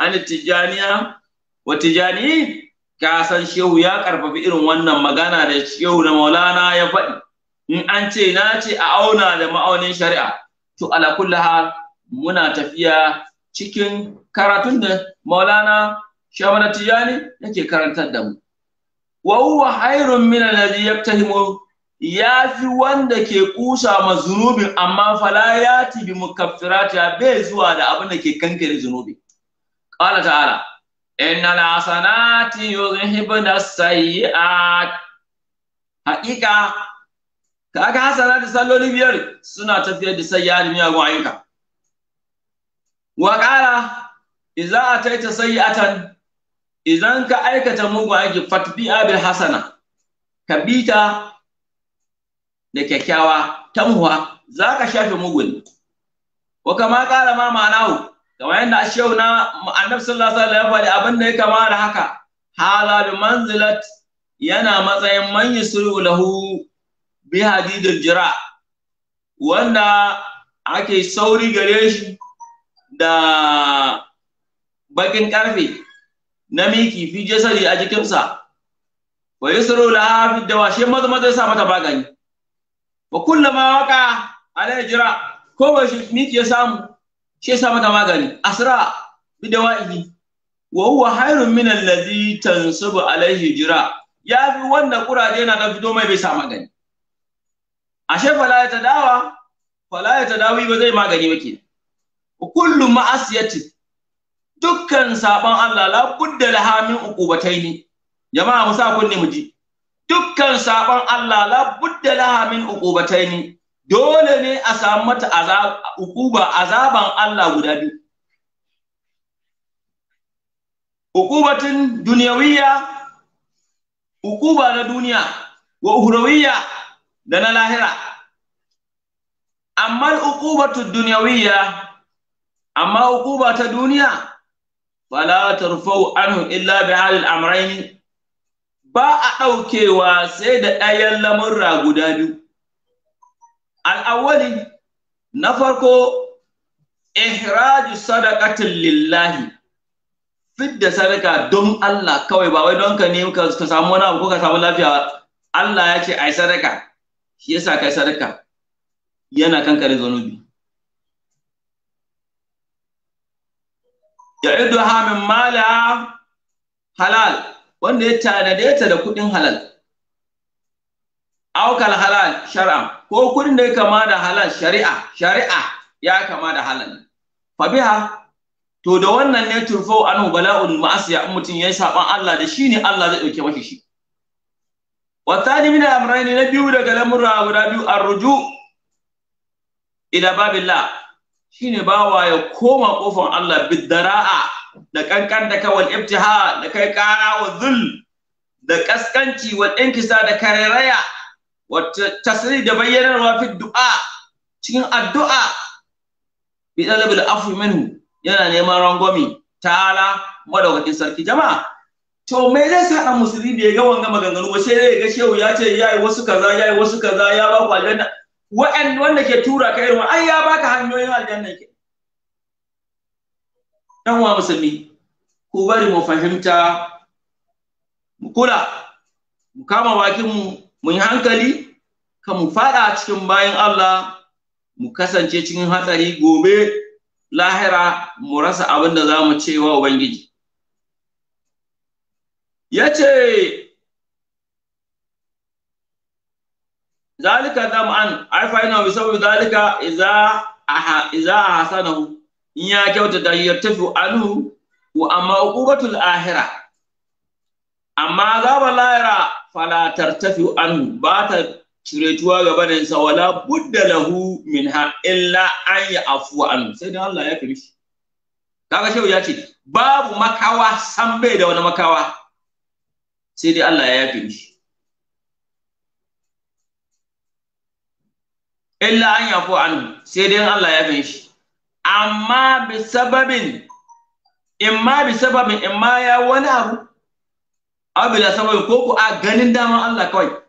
an Tijjaniya wa ka san shehu ya karfafi irin wannan magana da shehu na maulana ya faɗi in an ce na ce a auna da ma'aunin shari'a to ala kulli hal muna tafiya cikin karatun da maulana shamana tijani yake karantar da mu wa huwa hairun min alladhi yaftahimu ya fi wanda ke kusa ma zunubin amma fala ya tibi mukaffirati bai zuwa da abin da ke kankare zunubi qala ta'ala innal hasanati yuzhibna sayyi'at haqiqa kaga hasanati salloli biyar suna tafiyar da sayyi'at miyagun ayyuka wa ƙara iza a taita sayi'atan idan ka aikata mugun aiki fatbi'a bil hasana ka bita da kyakkyawa tamhuwa za ka shafe mugun wa kama ƙara ma ma'anahu kamar yadda a yau na annabi sallallahu alaihi ya faɗi abin da ya kama da haka hala bi manzilat yana matsayin man yusru lahu bi jira wanda ake sauri gare shi da bakin karfe na miki fi jasari a jikinsa wa yusru laha fi dawashe maza maza ya sa mata magani wa kullama waqa ala jira ko ba shi miki ya samu shi ya sa mata magani asra bi dawaihi wa huwa hayrun min allazi tansubu alaihi jira ya fi wanda kuraje na da fito mai bai sa magani ashe fala ya tadawa fala ya tadawi ba zai magani ba kenan kullu ma'asiyati dukkan saban Allah la budda laha min uqubataini jama'a musa kunne mu ji dukkan saban Allah la budda laha min uqubataini dole ne a samu mata azab uquba azaban Allah guda biyu uqubatin dunyawiyya uquba na duniya wa uhrawiyya da na lahira amma uqubatu dunyawiyya amma hukuma ta duniya fala tarfau anhu illa bi halil amrayn ba a ɗaukewa sai da ɗayan lamurra guda biyu al'awwali na farko ihraju sadaqatin lillahi fidda sadaka don Allah kawai ba wai don ka nemi ka samu wani abu ko ka samu lafiya Allah ya ce ai sadaka shi yasa kai sadaka yana kankare zanubi ya idu min mala halal wanda ya tanade ta da kudin halal aukal halal shar'a ko kudin da ya kama da halal shari'a shari'a ya kama da halal fabiha to da wannan ne turfo anu bala'un ma'asiya in mutum ya saban Allah da shi ne Allah zai ɗauke mashi shi والثاني من الأمرين نبيو daga lamurra guda biyu, ruju Ina babillah shine bawa ya koma kofan Allah biddaraa da kankan da kawal ibtiha da kai kara wa zul da kaskanci wa inkisa da karairaya wa tasiri da bayyanarwa fi du'a cikin addu'a bi dalabil afu minhu yana neman rangwami ta'ala madaukakin sarki jama'a to me zai sa dan musulmi bai ga wanga maganganu ba sai dai ga shehu ya ce yayi wasu kaza yayi wasu kaza ya ba ku aljanna wanda ke tura ka irin ai ya baka hanyoyin aljanna ke dan wa musulmi ku bari mu fahimta mu kula mu kama bakin mu mu yi hankali kan mu fada cikin bayan Allah mu kasance cikin hatsari gobe lahira mu rasa abin da za mu ce wa ubangiji ya ce zalika zam'an ai fa yana bisabu zalika idza aha idza hasanahu in ya kyautata yartafu anhu wa amma uqubatul ahira amma zaba laira fala tartafi an ba ta ciretuwa gaba da sa wala budda lahu minha illa an ya afu an sai dan Allah ya kirishi kaga shehu ya ce babu makawa san bai da wani makawa sai dai Allah ya yafe shi illa an yafu anhu sai dai Allah ya gan shi amma bi sababin in ma bi sababin in ma ya wani abu da sababin ko ku a ganin daman Allah kawai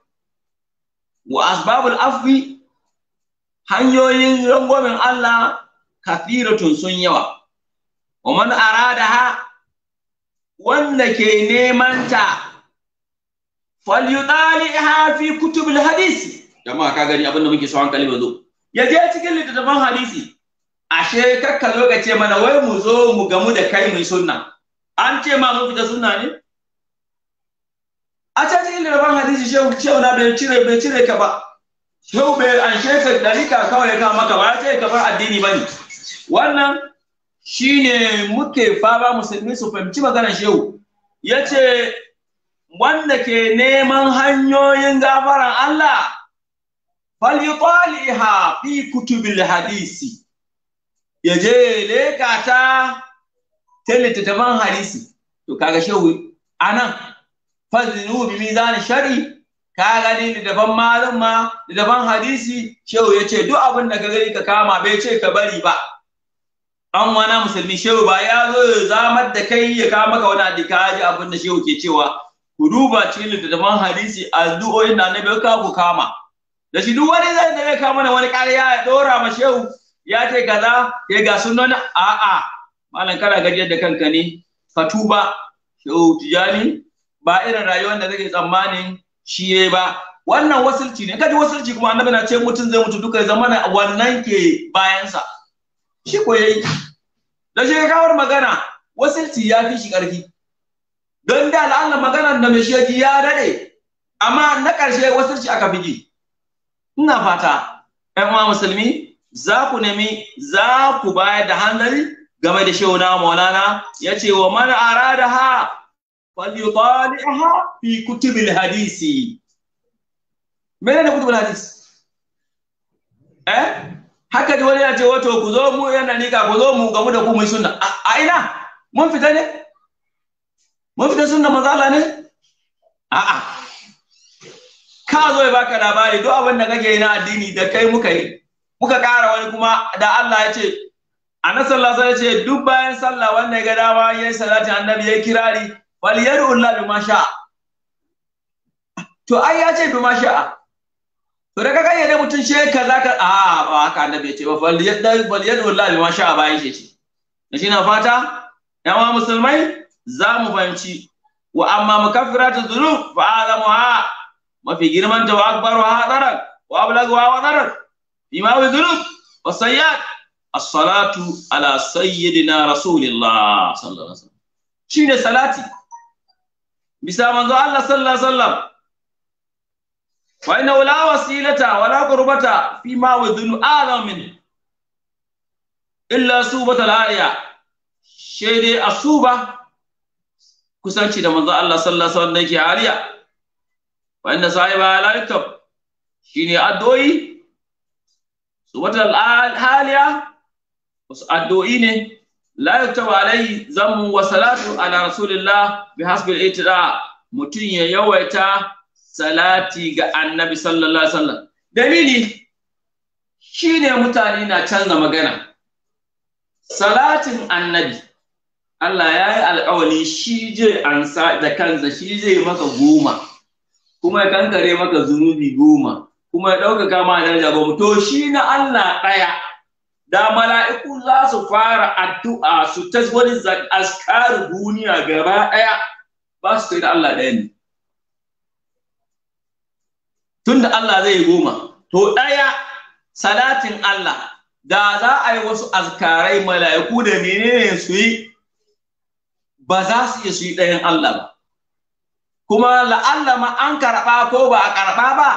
wa asbabul afwi hanyoyin rangwamen Allah kafiratun sun yawa wa man ha wanda ke neman ta ha fi kutubul hadisi jama'a ka gani abinda muke so hankali ba zo ya je cikin littattafan hadisi ashe kakka lokaci mana wai mu zo mu gamu da kai mu sunna an ce ma mun fita sunna ne a cikin littattafan hadisi shehu shehu na bai cire bai cire ka ba shehu bai an sheka dalika kawai ka maka ba sai ka bar addini bane wannan shine muke fara musulmi su fahimci maganar shehu yace wanda ke neman hanyoyin gafaran Allah falyutaliha fi kutubil hadisi ya je leka ta ta man hadisi to kaga shehu anan fazinu bi mizan shari ka gani littattafan malam ma littattafan hadisi shehu ya ce duk abin da ka ka kama bai ce ka bari ba an wana musulmi shehu ba ya zo ya zamar da kai ya kama maka wani ji abin da shehu ke cewa ku duba cikin littattafan hadisi addu'o'in da annabi ka ku kama da shi duk wani zai zai kawo mana wani ƙarya ya ɗora ma shehu ya ce kaza ya eh, ga sunan a'a malam kana gajiyar da kanka ne fatuba shehu tijani ba irin rayuwar da kake tsammanin shi ba wannan wasulci ne kaji wasulci kuma annabi na ce mutum zai mutu duka ya zama wannan ke bayansa shi ko yayi da shi kawo magana wasulci ya fi shi ƙarfi don da la'alla maganar da mai shi ya daɗe, amma na ƙarshe wasulci aka fi ina fata 'yan uwa musulmi za ku nemi za ku bayar da hanzari game da shehu na maulana ya ce wa man arada ha ha fi kutubil hadisi ne kutubil hadisi eh haka ji wani ya ce wato ku zo mu yana nika ku zo mu gamu da ku mun sunna a ina mun fita ne mun fita sunna mazala ne a'a ka zo ya baka labari duk abin da kake yi na addini da kai muka yi muka ƙara wani kuma da Allah ya ce annabi sallallahu alaihi wasallam ya ce duk bayan sallah wanda ya ga dama yi salati annabi ya kirari wal yad'u Allah bima sha'a to ai ya ce bima sha'a to daga kaga yadda mutun shi kaza ka a ba haka annabi ya ce ba fal yad'u fal yad'u Allah bima sha'a bayan shi ce ne shi na fata yawa musulmai za mu banci wa amma mukaffiratu dhunub fa alamuha mafi girman ta wa akbar wa hadaran wa ablag wa wadaran bima wa dhunub wa sayyat as-salatu ala sayyidina rasulillah sallallahu alaihi wasallam shine salati bisa manzo Allah sallallahu alaihi wasallam wa inna la wasilata wala qurbata fi ma wa dhunub alamin illa subatal aliya shede asuba kusanci da manzo Allah sallallahu alaihi wasallam yake aliya wanda sahiba la yuktab shine addu'o'i suwatal haliya wasu addu'o'i ne la yuktab alai zammu wa salatu ala rasulillah bi hasbil itira mutum ya yawaita salati ga annabi sallallahu alaihi wasallam dalili shine mutane na canza magana salatin annabi Allah ya yi alƙawari shi an ansa da kansa shi zai maka goma kuma ya kankare maka zunubi goma kuma ya ɗaukaka ma daraja goma to shi na Allah ɗaya da mala'iku za su fara addu'a su ta wani askar duniya gaba ɗaya ba su kai da Allah ɗaya ne Tun da Allah zai goma to ɗaya salatin Allah da za a yi wasu azkarai mala'iku da menene su yi ba za su iya su yi ɗayan Allah ba kuma la'alla ma an karɓa ko ba a karɓa ba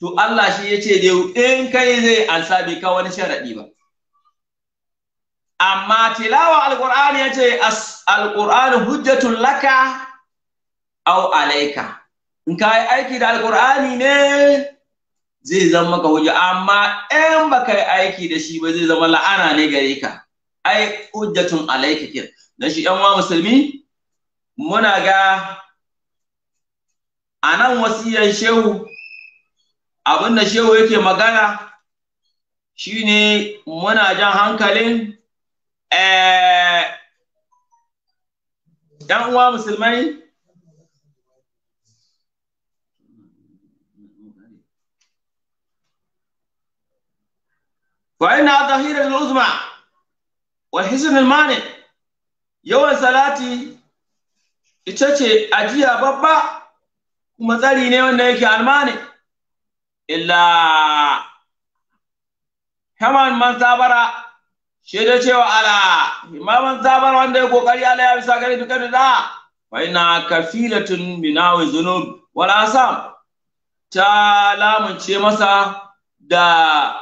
to Allah shi ya ce dai in kai zai ansa bai ka wani sharaɗi ba amma tilawa alqur'ani ya ce alqur'anu hujjatun laka aw alaika in ka yi aiki da alqur'ani ne zai zama maka hujja amma in baka yi aiki da shi ba zai zama la'ana ne gare ka ai hujjatun alaika kin dan shi yan wa musulmi muna ga a nan wasiyan shehu abinda shehu yake magana shine muna jan hankalin eh, dan uwa musulmai fa'in na zahirar uzma wa hisunin mani yawan salati ita ce ajiya babba kuma tsari ne wanda yake almane illa haman man sabara shaida cewa ala imaman sabar wanda ya kokari ala ya bisa gare duka da fa ina kafilatun binawi zunub wala sam ta lamunce masa da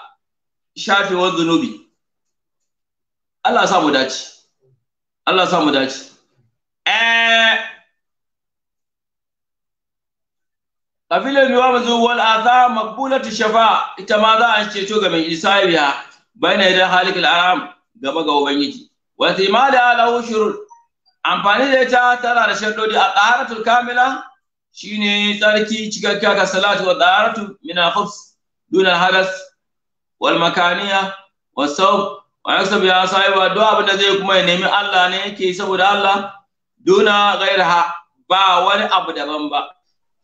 shafewar zunubi Allah sa mu dace Allah sa mu dace eh kabilar biwa zuwa wal aza maqbulatu shafa ita ma za a ceto ga mai isabiya bayna yadan halik al'am gaba ga ubangiji wa timada lahu shurut amfani da ita tana da shaddodi a taharatul kamila shine tsarki cikakka ga salatu wa taharatu min al-khubs dun al wal makaniya was sawb wa yaksabu ya sahiba duk abin da zai kuma ya nemi Allah ne yake saboda Allah duna gairaha ba wani abu daban ba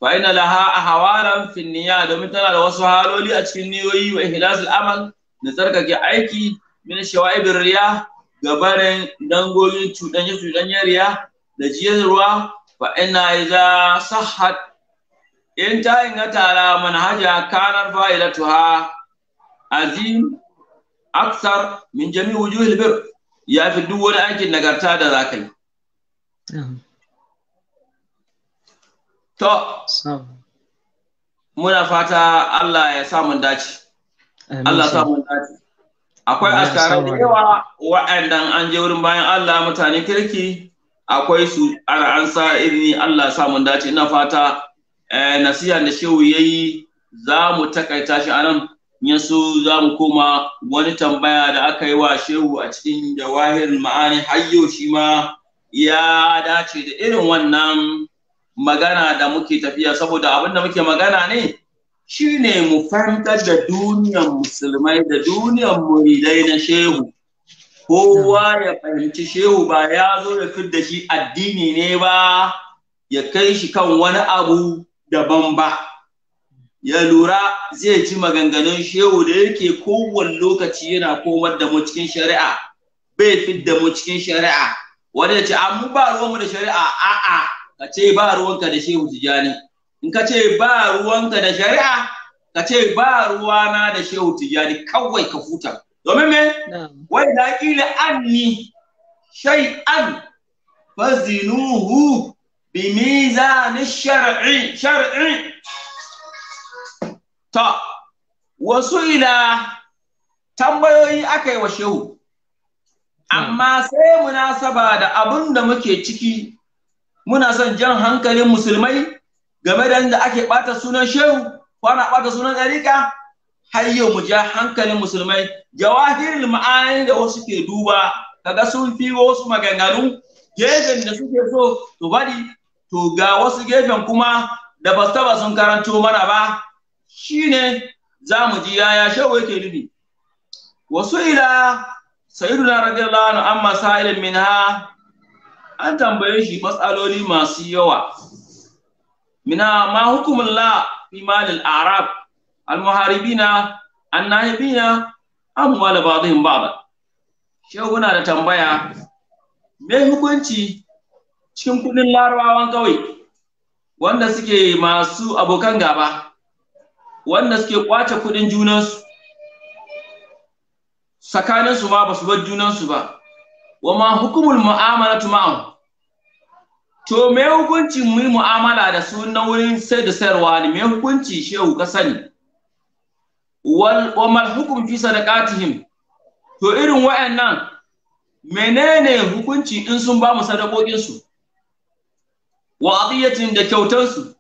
fa inna laha a fi niyya domin tana da wasu haloli a cikin niyoyi wa ihlasul amal da tsarkake aiki min shawa'ibir riya gabarin dangogin cuɗanye cuɗanyar riya da jiyarwa fa inna idza sahhat in ta ingata ala manhaja kanar fa'ilatuha azim aksar min jami'i wujuhil bir ya fi duk wani aikin nagarta da zakai To, muna fata Allah ya samu dace. Allah ya samu dace. Akwai askarai da yawa wa'andan an je wurin bayan Allah mutane kirki akwai su ansa sa irini Allah samu dace. Ina fata eh, nasiya da shehu ya yi za mu takaita shi a nan yasu za mu koma wani tambaya da aka yi wa shehu a cikin jawahir ma'ani hayyo shi ma ya dace da irin wannan magana da muke tafiya saboda abin da muke magana ne shine mu fahimtar da duniyar musulmai da duniyar muridai na shehu kowa ya fahimci shehu ba ya zo ya da shi addini ne ba ya kai shi kan wani abu daban ba ya lura zai ji maganganun shehu da yake kowane lokaci yana komar da mu cikin shari'a bai da mu cikin shari'a wanda ya ce mu ba ruwanmu da shari'a a'a ka ce ba ruwanka da shehu tijani in ka ce ba ruwanka da shari'a ka ce ba ruwana da shehu tijani kawai ka futa domin me wai da ila anni shay'an fazinuhu bi mizan shar'i shar'i ta wasu ila tambayoyi aka yi wa shehu amma sai munasaba da abin da muke ciki muna son jan hankalin musulmai game da yadda ake ɓata sunan shehu ko ana ɓata sunan ɗarika har yau mu ja hankalin musulmai jawahirul ma'ani da wasu ke duba kaga sun fi wasu maganganu gefen da suke so to bari to ga wasu gefen kuma da ba taba sun karanto mana ba shine za mu ji yaya shehu yake nufi wasu ila sayyiduna radiyallahu anhu amma sa'ilan minha an tambaye shi matsaloli masu yawa mina ma hukumin la fi malil arab almuharibina annahibina amma da ba'dihim ba'da shehu na da tambaya me hukunci cikin kudin larabawan kawai wanda suke masu abokan gaba wanda suke kwace kudin junansu tsakaninsu ma ba su bar junansu ba wa ma hukumul mu'amalatu ma'ahu to me hukunci mu mu'amala da su na wurin sai da sayarwa ne me hukunci shehu ka sani wal wa mal hukum fi sadaqatihim to irin wa'annan menene hukunci in sun ba mu sadaqokin su wa adiyatin da kyautar su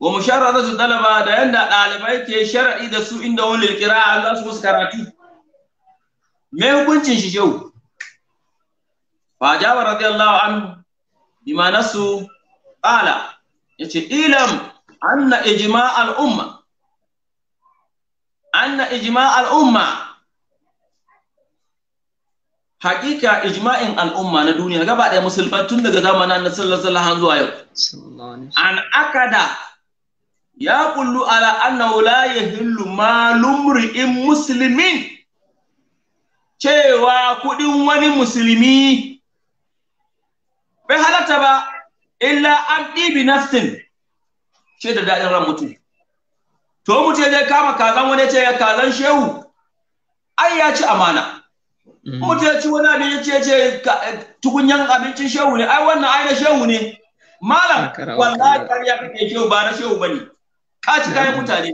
wa dalaba da yanda dalibai ke shar'i da su inda wani qira'a Allah su karatu me hukuncin shi shehu فأجاب رضي الله عنه بما نسوا قال إعلم أن إجماع الأمة أن إجماع الأمة حقيقة إجماع الأمة duniya gaba ɗaya tun daga zamanin na sallallahu alaihi zuwa yau an da ya kullu ala annahu la yahillu lumri in musulmin cewa kuɗin wani musulmi bai halatta ba illa an ɗibi nafsin ce da daɗin ran mutum to mutum ya kama kazan wani ce ya kazan shehu ai ya ci amana mutum ya ci wani abin ya ce ce tukunyan abincin shehu ne ai wannan ai na shehu ne malam wallahi kariya kake shehu ba na shehu bane ka ci kayan mutane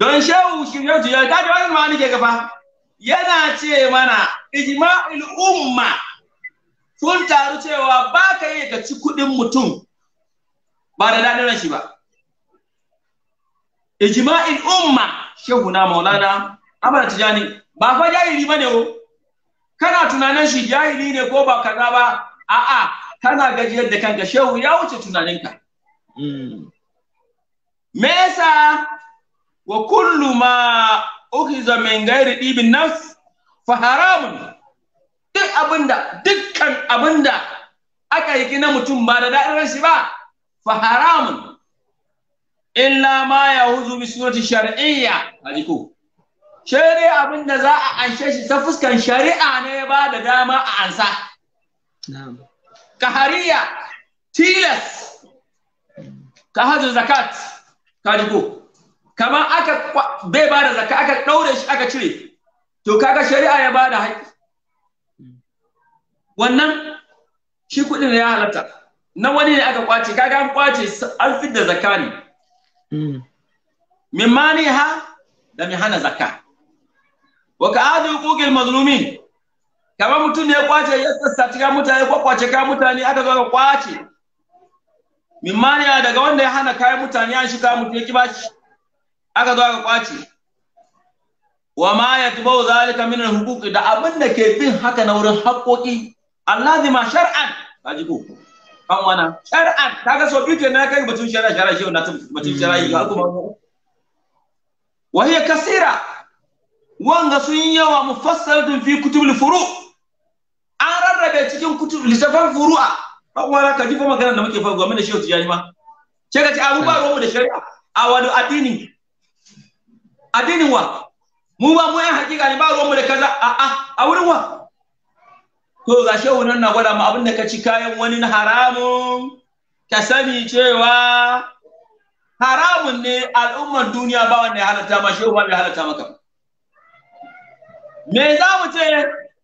don shehu shirye ya kaji wani ma ke gafa yana ce mana ijma'il umma kun taru cewa ba ka yi ka ci kuɗin mutum ba da daɗin shi ba. Ijima'in umma shehu na maulana abar tijani ba fa jahili ba ne o. Kana tunanin shi jahili ne ko ba kaza ba a'a kana gajiyar da kanka shehu ya wuce tunaninka. Hmm. Me wa kullu ma ukhiza min ghairi dibin nafs fa haramun duk da dukkan da aka yi gina mutum ba da da'irar shi ba fa haramun illa ma ya huzu bi surati shar'iyya kaji shari'a abin da za a anshe shi ta fuskan shari'a ne ba da dama a ansa kahariya tilas ka hajji zakat ka ko kamar aka bai ba da zakat aka ɗaure shi aka cire to kaga shari'a ya ba da haƙƙi wannan shi kuɗin ya halatta na wani ne aka kwace kaga an kwace an fidda zakka ne hmm. min mani ha da mi hana zakka wa ka adu huquqil mazlumi kama mutum ne ya kwace ya sassa ka mutane ko kwace ka mutane aka zo ka kwace min mani ha daga wanda ya hana kayan mutane an shi ka mutum ya ki aka zo ka kwace wa ma yatbau zalika min al-huquq da abin da ke bin haka na wurin haƙoƙi ma shar'an kaji ko kan wana shar'an kaga so biyu na kai batun shara shara shi na batun shara yi ga kuma wa hiya kasira wanga sun yawa mufassalatun fi kutubul furu an rarrabe cikin kutub littafan furu'a kan wana kaji fa magana da muke fa gwamnati da shehu tijani ma ce ka ci abu ba ruwanmu da shari'a a wani addini addinin wa mu ba mu yan hakika ne ba ruwanmu da kaza a'a a wurin wa to ga shi nan na gwada ma abin da ka ci kayan wani na haramun ka sani cewa haramun ne al'ummar duniya ba wanda ya halatta ma shi ba bai halatta maka me za mu ce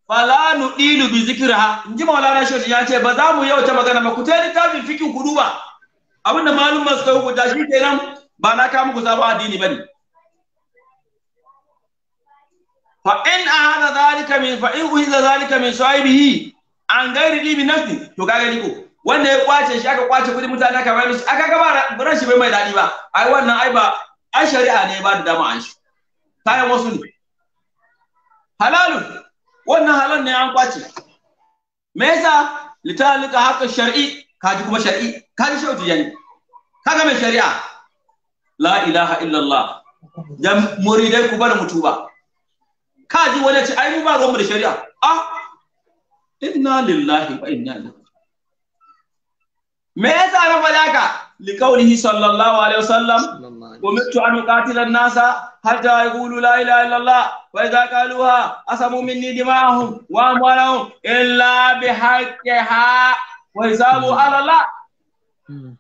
fala nu dilu bi zikriha in ji maulana shehu ya ce ba za mu yau ta magana ba ku ta littafin fikin kudu ba abinda malum masu kai da shi kenan ba na kamu muku sabon addini bane fa in ahada zalika min fa in uhiza zalika min sahibihi an gairi di bi nafsi to kaga ni ko wanda ya kwace shi aka kwace kudin mutane aka bayar shi aka gaba ran shi bai mai dadi ba ai wannan ai ba ai shari'a ne ba da dama an shi kayan wasu ne Halalu, wannan halal ne an kwace me yasa litalika haka shar'i kaji kuma shar'i kaji shauti yani kaga mai shari'a la ilaha illallah dan muridai ku bar mutuba ka ji wani ce ai mu ba ruwanmu da shari'a A ah, inna lillahi wa inna ilaihi me yasa na faɗa ka liqaulihi sallallahu alaihi wasallam umirtu an uqatila an-nasa hatta yaqulu la ilaha illallah wa idza qaluha asamu minni dima'ahum wa amwalahum illa bihaqqiha wa hisabu ala Allah hmm.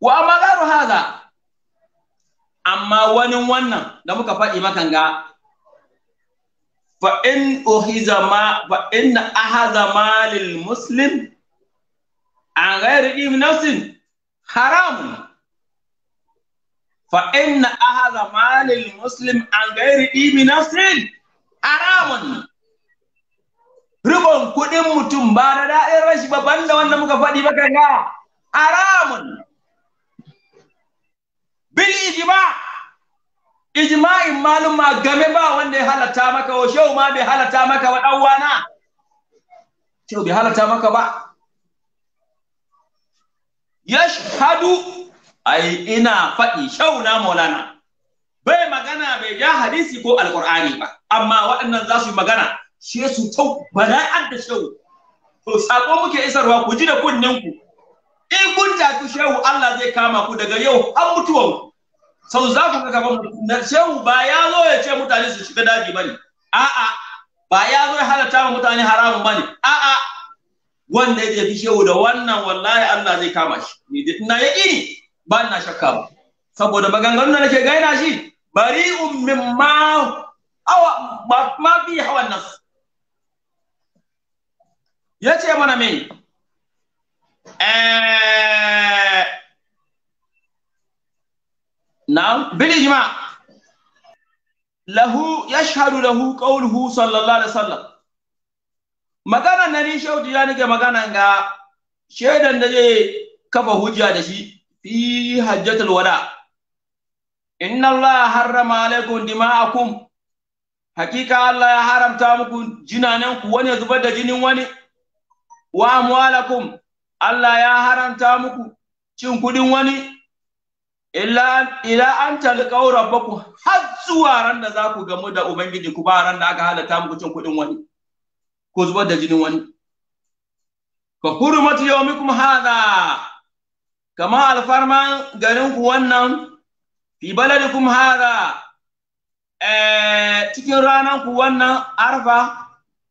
wa amma ghayru hadha amma wani wannan da muka faɗi makan ga fa in uhiza ma fa in ahaza malil muslim an ghairi nafsin haram fa in ahaza malil muslim an ghairi nafsin haramun ribon kuɗin mutum ba da da'in rashi ba banda wanda muka faɗi makan ga haramun bil ijma ijma'in malum ma game ba wanda ya halatta maka wa shehu ma bai halatta maka wa dan wana shehu bai halatta maka ba yashhadu ai ina faɗi shehu na maulana bai magana bai ja hadisi ko alqur'ani ba amma waɗannan za su yi magana shi su tau bala'ar da shehu to sako muke isarwa ku ji da kunnen ku in kun tafi shehu Allah zai kama ku daga yau har mutuwan ku sau za ku ga kamar na shehu ba ya zo ya ce mutane su shiga daji ba ne? a'a ba ya zo ya halatta wa mutane haramun ne? a'a wanda ya fi shehu da wannan wallahi Allah zai kama shi ni da tuna yaqini ba ina shakka ba saboda maganganun da nake gaina shi bari mimma awa ma fi hawan nas ce mana me eh na'am bil jima, lahu yashhadu lahu qawluhu sallallahu alaihi wasallam magana na ni shehu ya nake magana ga shaidan da zai kafa hujja da shi fi hajjatul wada inna allaha harrama alaikum dima'akum hakika Allah ya haramta muku jinananku ku wani zubar da jinin wani wa amwalakum Allah ya haramta muku cin kudin wani illa an talqaw rabbakum har zuwa ran da za ku gamu da ubangiji ku ba ran da aka halatta muku cin kuɗin wani ko zubar da jinin wani ka hurmatu yawmikum hadha kama alfarman garin ku wannan fi baladikum hadha eh cikin ranan ku wannan arfa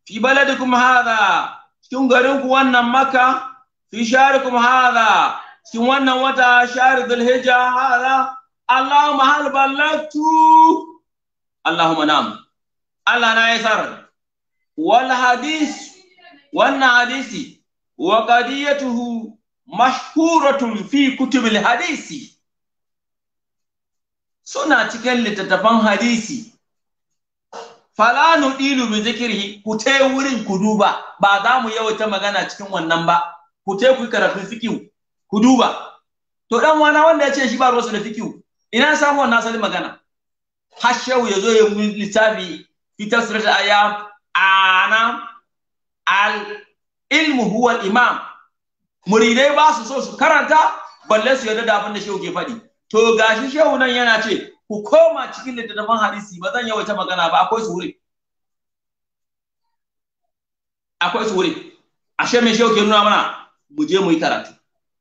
fi baladikum hadha cikin garin ku wannan makka fi sharikum hadha cikin wannan wata shahar zulhijja hada Allahumma hal ballatu Allahumma nam Allah na yasar wal hadis wannan hadisi wa qadiyatuhu mashhuratun fi kutubil hadisi suna cikin littattafan hadisi fala nudilu bi zikrihi ku wurin ku duba ba za mu yawaita magana cikin wannan ba ku ku karatu fikihu ku duba to dan wana wanda ya ce shi ba ruwansa da fikiu ina samu wannan asalin magana hashewu ya zo ya mun littafi fi tasirat aya ana al ilmu huwa al imam muridai ba su so su karanta balle su yarda da abin da shehu ke faɗi to gashi shehu nan yana ce ku koma cikin littattafan hadisi ba zan yawaita magana ba akwai su wuri akwai su wuri ashe me shehu ke nuna mana mu je mu yi karatu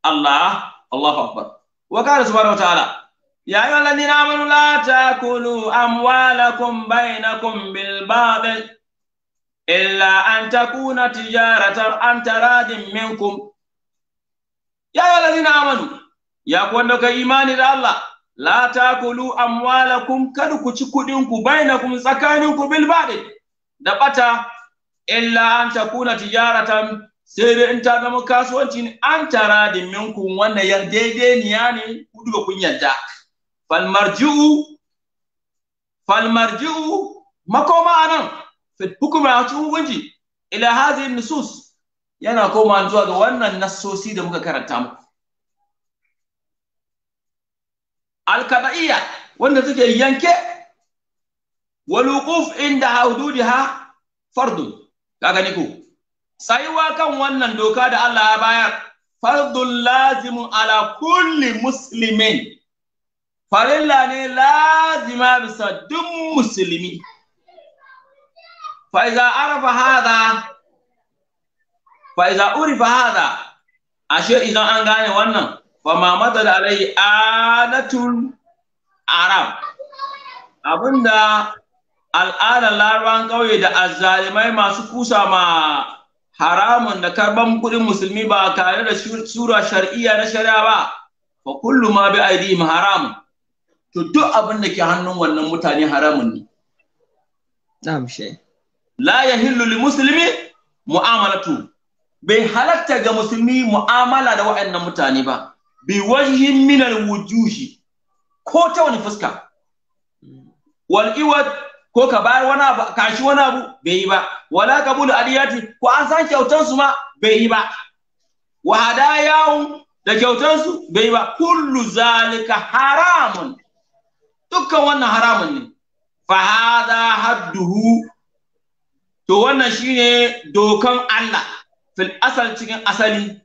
Allah Allahu akbar wa qala subhanahu wa ta'ala ya ayyuhalladhina amanu la takulu amwalakum bainakum bil batil illa an takuna tijaratan an taradin minkum ya ayyuhalladhina amanu ya kwanda ka imani da Allah la takulu amwalakum kada ku ci kudin ku bainakum tsakaninku bil batil da bata illa an takuna tijaratan sai dai in ta zama kasuwanci ne an tara da minkun wannan yar daidainiya ne ku duba kun yarda falmarji'u falmarji'u makoma anan fit hukuma a cikin hukunci ila hadhihi nusus yana koma zuwa ga wannan nasosi da muka karanta muku alkada'iyya wanda suke yanke wal wuquf inda hududiha fardun ka gani ku. Saiwa kan wannan doka da Allah ya bayar, fardun lazimun ala kulli muslimin. Farilla ne lazima bisa duk musulmi. Fa'iza arafa hada, fa'iza urifa hada, ashe idan an gane wannan, fa mamadu alai adatul Arab. Abinda al'adar larabawan ƙauye da azzalimai masu kusa ma haramun da karban kuɗin musulmi ba tare da sura shar'iyya na shari'a ba fa kullu ma bi aidihim haram to duk abin da ke hannun wannan mutane haramun ne na'am she la yahillu lil muslimi mu'amalatu bai halatta ga musulmi mu'amala da waɗannan mutane ba bi wajhin min al wujuhi ko ta wani fuska wal iwad ko ka bayar wani abu kashi wani abu bai yi ba wala ka kabulu aliyati ko an san kyautan su ma bai yi ba wa hadayahu da kyautan su bai yi ba kullu zalika haramun dukkan wannan haramun ne fa hadha hadduhu to wannan shine dokan Allah fil asal cikin asali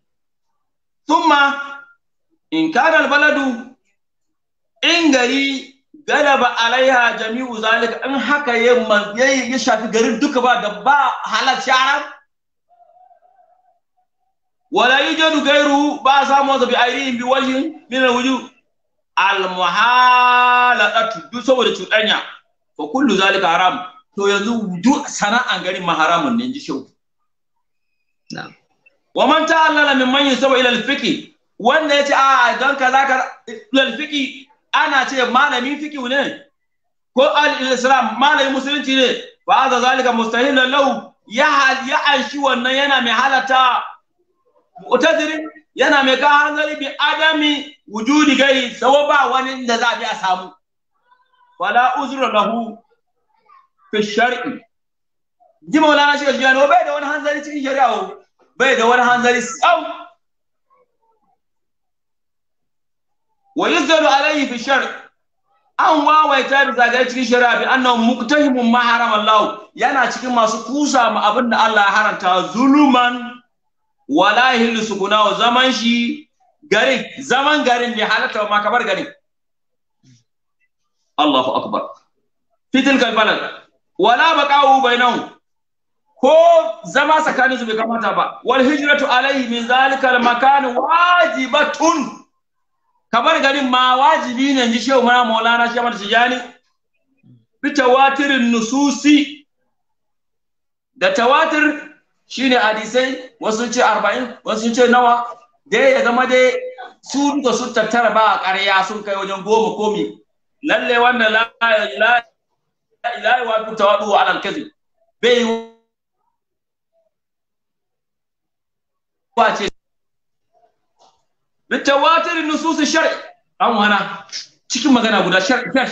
thumma in kana baladu in gari galaba alaiha jami'u zalika in haka yayi ya shafi garin duka ba da ba halal sharan wala yujadu gairu ba samu zabi ayrin bi wajhin min alwuju almuhalatu duk saboda cuɗanya fa kullu zalika haram to yanzu duk sana'an garin ma haramun ne ji shau wa man ta'allala mimman yusaba ila alfiqi wanda yace a dan kaza ka ila alfiqi ana ce malamin fiki ne ko al-islam malamin musulunci ne fa za zalika mustahil lahu ya ya anshi wannan yana mai halata mu'tadiri yana mai ka hanzari bi adami wujudi gari sawa ba wani da za a bi a samu wala uzra lahu fi shar'i ji maulana shi ga bai da wani hanzari cikin shari'a bai da wani hanzari sau wa yuzdalu alayhi fi shar an wawaita da zagaye cikin shari'a bi annahu muktahimun ma harama Allah yana cikin masu kusa ma abinda da Allah ya haranta zuluman wala hillu zaman shi garin zaman garin bai halatta ma kabar garin Allahu akbar ko zama tsakanin su bai kamata ba wal hijratu alayhi min zalikal makan wajibatun Kamar garin ma wajibi ne ji shehu mana maulana shi da tijani bi tawatirin nususi da tawatir shine hadisai wasu ce 40 wasu ce nawa dai ya zama dai su da su tattara ba a ƙarya sun kai wajen goma komi lalle wannan la la ta wa tawadu wa al-kadhib bai wa ce bitawatir nusus shari'i an wana cikin magana guda shar da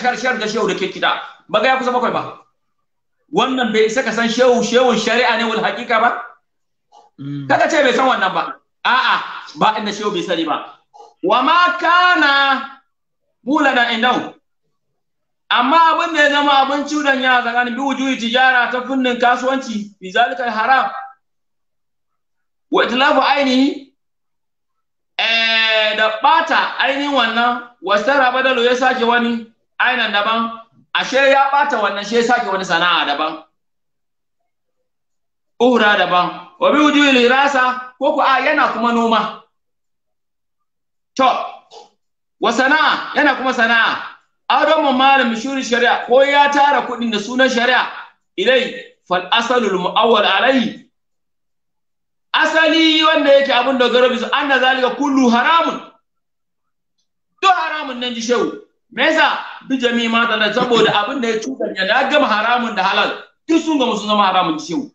shehu da ke kida ba ga ya kusa bakwai ba wannan bai isa ka san shehu shehun shari'a ne wani hakika ba mm. kaka ce bai san wannan ba a'a ba inda shehu bai sani ba wa ma kana mula da indahu amma abin da ya zama abin cudan ya tsakanin bi wujuhi tijara ta funnin kasuwanci bi zalika haram wa itlafu ainihi Eh, da ɓata ainihin wannan wasara badalo ya sake wani ainihin daban ashe ya ɓata wannan shi ya sake wani sana'a daban uhura daban wa bi wujuhil ko ku a yana kuma noma to wa sana'a yana kuma sana'a adamu malam shuri shari'a ko ya tara kuɗin da sunan shari'a ilai fal asalul muawwal alaihi asali wanda yake abin dogaro bisa anna zalika kullu haramun to haramun nan ji shehu me yasa bi jami ma da saboda abin da ya cutar ya da gama haramun da halal duk sun gama sun zama haramun ji shehu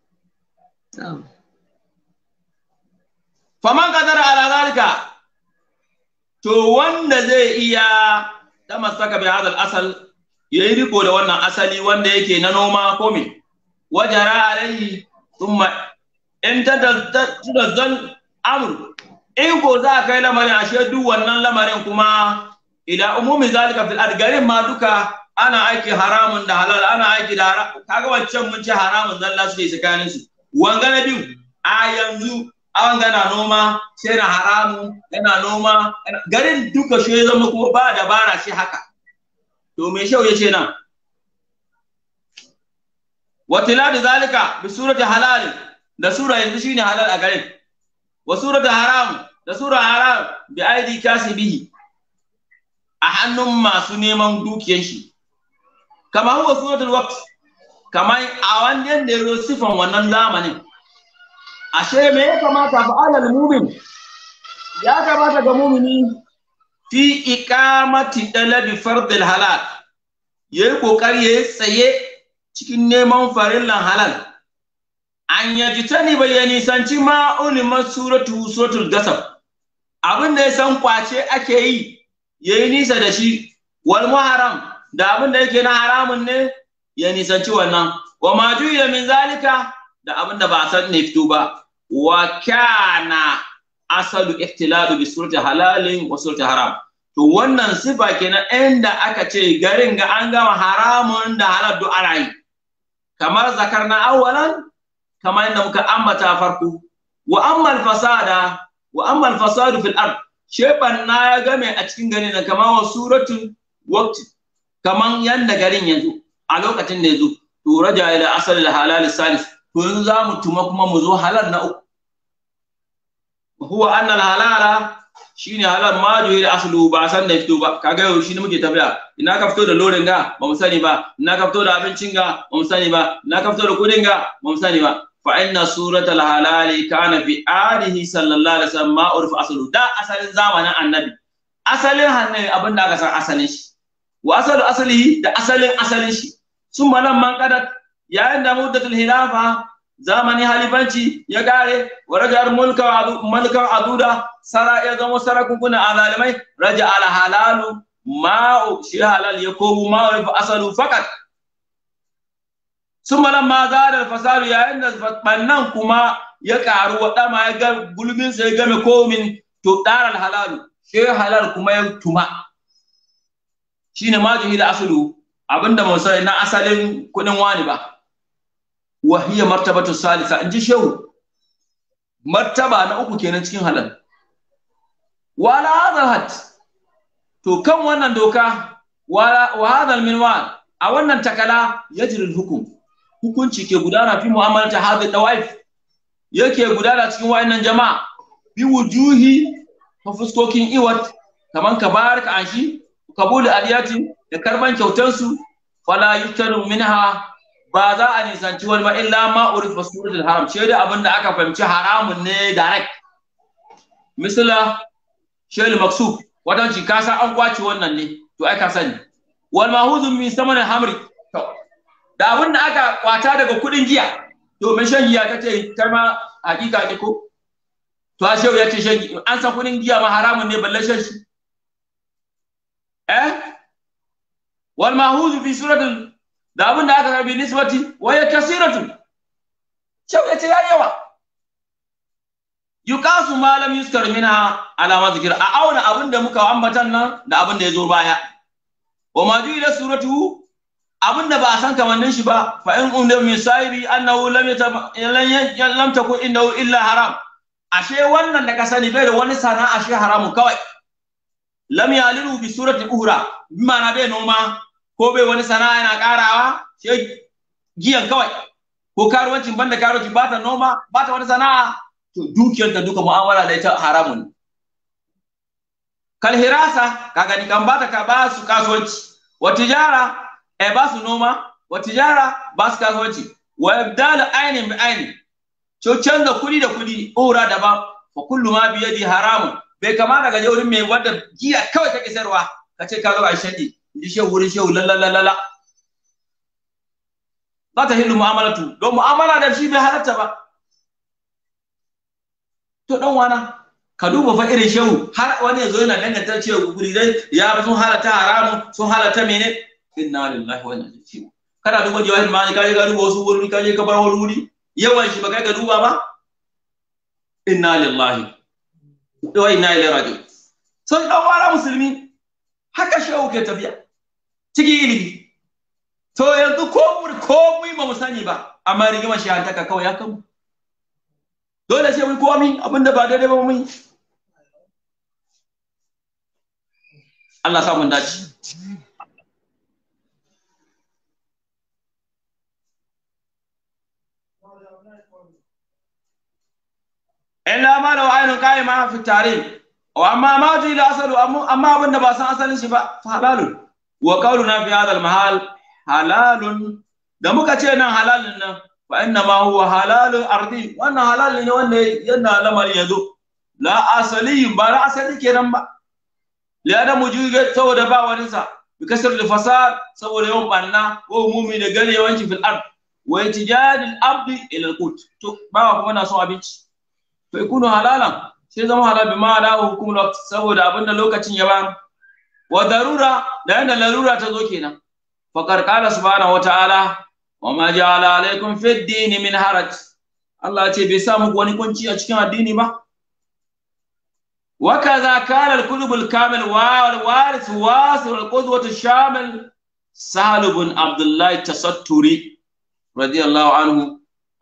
faman kadara ala zalika to wanda zai iya saka bi hadal asal yayi riko da wannan asali wanda yake na noma ko me wajara alaihi thumma in ta da zan Amur, in ko za a kai lamarin ashe duk wannan lamarin kuma ila umumi zalika fil adgarin ma duka ana aiki haramun da halal ana aiki da haram kaga wancan mun ce haramun zalla suke tsakanin su wanga na biyu a yanzu an gana noma sai na haramu yana noma garin duka shi ya zama kuma ba dabara shi haka to me shau ya ce nan wa tilad zalika bi surati halal da sura yanzu shine halal a garin wa sura da haram da sura haram bi aidi kasibihi a hannun masu neman dukiyar shi Kamar huwa suratul waqt kamar a wannan da yaro sifan wannan zamanin ashe me ya kamata fa alal mu'min ya kamata ga mu'mini fi iqamati dalabi fardil halal yayi kokari yayi tsaye cikin neman farillan halal an yaji tani bai ya nisanci ma ulimar suratu suratul gasab abin da ya san kwace ake yi yayi nisa da shi wal muharam da abin da yake na haramun ne ya nisanci wannan wa ma juya min zalika da abin da ba san ne fito ba wa kana asalu ihtilalu bi surati halalin wa surati haram to wannan sifa kenan inda aka ce garin ga an gama haramun da halal duk ana kamar zakar na awwalan kamar yadda muka ambata farko wa ammal fasada wa ammal fasadu fil ard sheban na ya game a cikin garin na, kamar wa suratul waqti kaman yanda garin yazo a lokacin da yazo to raja ila asal al halal salis to yanzu za mu tuma kuma mu zo halal na uku huwa anna al halala shine halal ma jo ila aslu ba san da fito ba kaga yau shi muke tafiya ina ka fito da lorin ga ba mu sani ba ina ka fito da abincin ga ba mu sani ba ina ka fito da kudin ga ba mu sani ba فإن سورة الهلال كان في آله صلى الله عليه وسلم ما عرف أصله دا أصل زمان النبي أصل النبي أبن دا أصل أصله وأصل أصله دا أصل أصله ثم لما قدت يا عند مدة الخلافة زمن هالبنتي يا قاري ورجع الملك ملك عدودة سرى يا زمو سرى كنا على رجع على حلال ما شي حلال يكون ما عرف أصله فقط sun ma da fasaru yayin da bannan kuma ya ƙaru ma ya ga gulbinsa ya game komin to ɗarar halalu sai halal kuma ya tuma shi ne majihi da asalu abinda mun sai na asalin kuɗin wani ba wahiyya martabatu salisa in ji shehu martaba na uku kenan cikin halal wala hadal hat to kan wannan doka wala wa hadal wa? a wannan takala yajrul hukum hukunci ke gudana fi mu'amalata hadhihi dawaif yake gudana cikin wayannan jama'a bi wujuhi ta fuskokin iwat kaman ka an shi kabulu adiyati da karban kyautar su fala yutaru minha ba za a nisanci wani ba illa ma urifa suratul haram ce da abin da aka fahimci haramun ne direct misala shel maksub wadan ka an kwaci wannan ne to ai ka sani wal mahuzun min samanin hamri da abin da aka kwata daga kuɗin giya domin shan giya ta ce ta ma hakika ne ko to a shehu ya ce shan giya an san kudin giya ma haramun ne balle shan shi eh wal mahuzu fi suratul da abin da aka karbi nisbati wa ya kasiratu shehu ya ce ya yawa yukasu ma lam yuskar minha alama zikir a auna abin da muka ambatan nan da abin da ya zo baya wa ma suratu abin da ba a san kamannin shi ba fa in umda min sahibi annahu lam lam takun innahu illa haram ashe wannan da ka sani bai da wani sana'a ashe haramu kawai lam yaliru bi surati uhra bimana bai noma ko bai wani sana'a yana karawa sai giyan kawai ko karuwancin banda karuwanci ba ta noma ba ta wani sana'a to dukiyar da duka mu'amala da ita haramun kal hirasa kaga ni kan ba ta ka ba su kasuwanci wa tijara eh ba su noma wa tijara ba su kasuwanci wa ibdalu ainin bi ainin to canza kuɗi da kuɗi ura da ba fa kullu ma bi yadi haramun bai kama ka je wurin mai wadda giya kawai ta kisarwa ka ce ka zo a shaɗi ji shehu wurin shehu lalalalala za ta hillu mu'amalatu don mu'amala da shi bai halatta ba to dan wana ka duba fa irin shehu har wani ya zo yana danganta cewa guri dai ya sun halatta haramun sun halatta mene inna lillahi wa inna ilaihi raji'un kana duba jawahir ma'ani kaje ka duba wasu wuri kaje ka bar wani wuri yawan shi ba kai ka duba ba inna lillahi wa inna ilaihi raji'un So dan wara musulmi haka shehu ke tafiya cikin ilimi to yanzu ko mu ko mu ba mu sani ba amma rigimar shi an taka kawai ya kanmu dole sai mun komi abinda ba daidai ba mun Allah sa mun dace illa ma da wa'ainun kai ma hafi tare wa amma ma ji da asalu amma abin da ba san asalin shi ba halalun wa fi hadha mahal halalun da muka ce nan halalun nan fa inna ma huwa halalun ardi wannan halalun ne wanda yana ya yazo la asali ba la asali kenan ba li mu jige saboda ba wani sa bi kasar da fasad saboda yawan banna ko mumi da gari yawanci fil ard wa itijad abdi ila al to ba kuma na son abinci fa yakunu halalan sai zama halal bi ma'ana hukumul waqt saboda da lokacin ya ba wa darura da yanda larura ta zo kenan fa qarqala subhanahu wata'ala wa ma ja'ala alaikum fid dini min haraj Allah ce bai sa muku wani kunci a cikin addini ba وكذا كان الكتب الكامل والوارث واصل القدوة الشامل سهل بن عبد الله التستري رضي الله عنه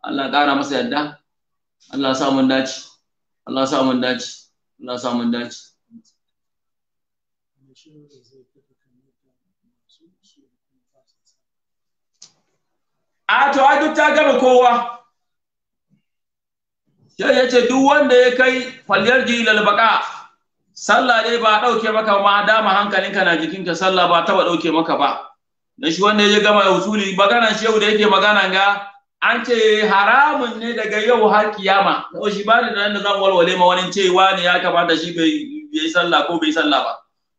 الله قال masa yadda. Allah sa mun dace Allah sa mun dace Allah sa mun dace a to ai duk ta gama kowa sai ya ce duk wanda ya kai falyar ji lalbaka sallah dai ba ɗauke maka ma dama hankalinka na jikinka sallah ba taba ɗauke maka ba Na shi wanda ya gama ya usuli magana shi yau da yake magana ga an ce haramun ne daga yau har kiyama to shi ba da nan da zan walwale ma wani cewa ne ya kamata shi bai yi sallah ko bai sallah ba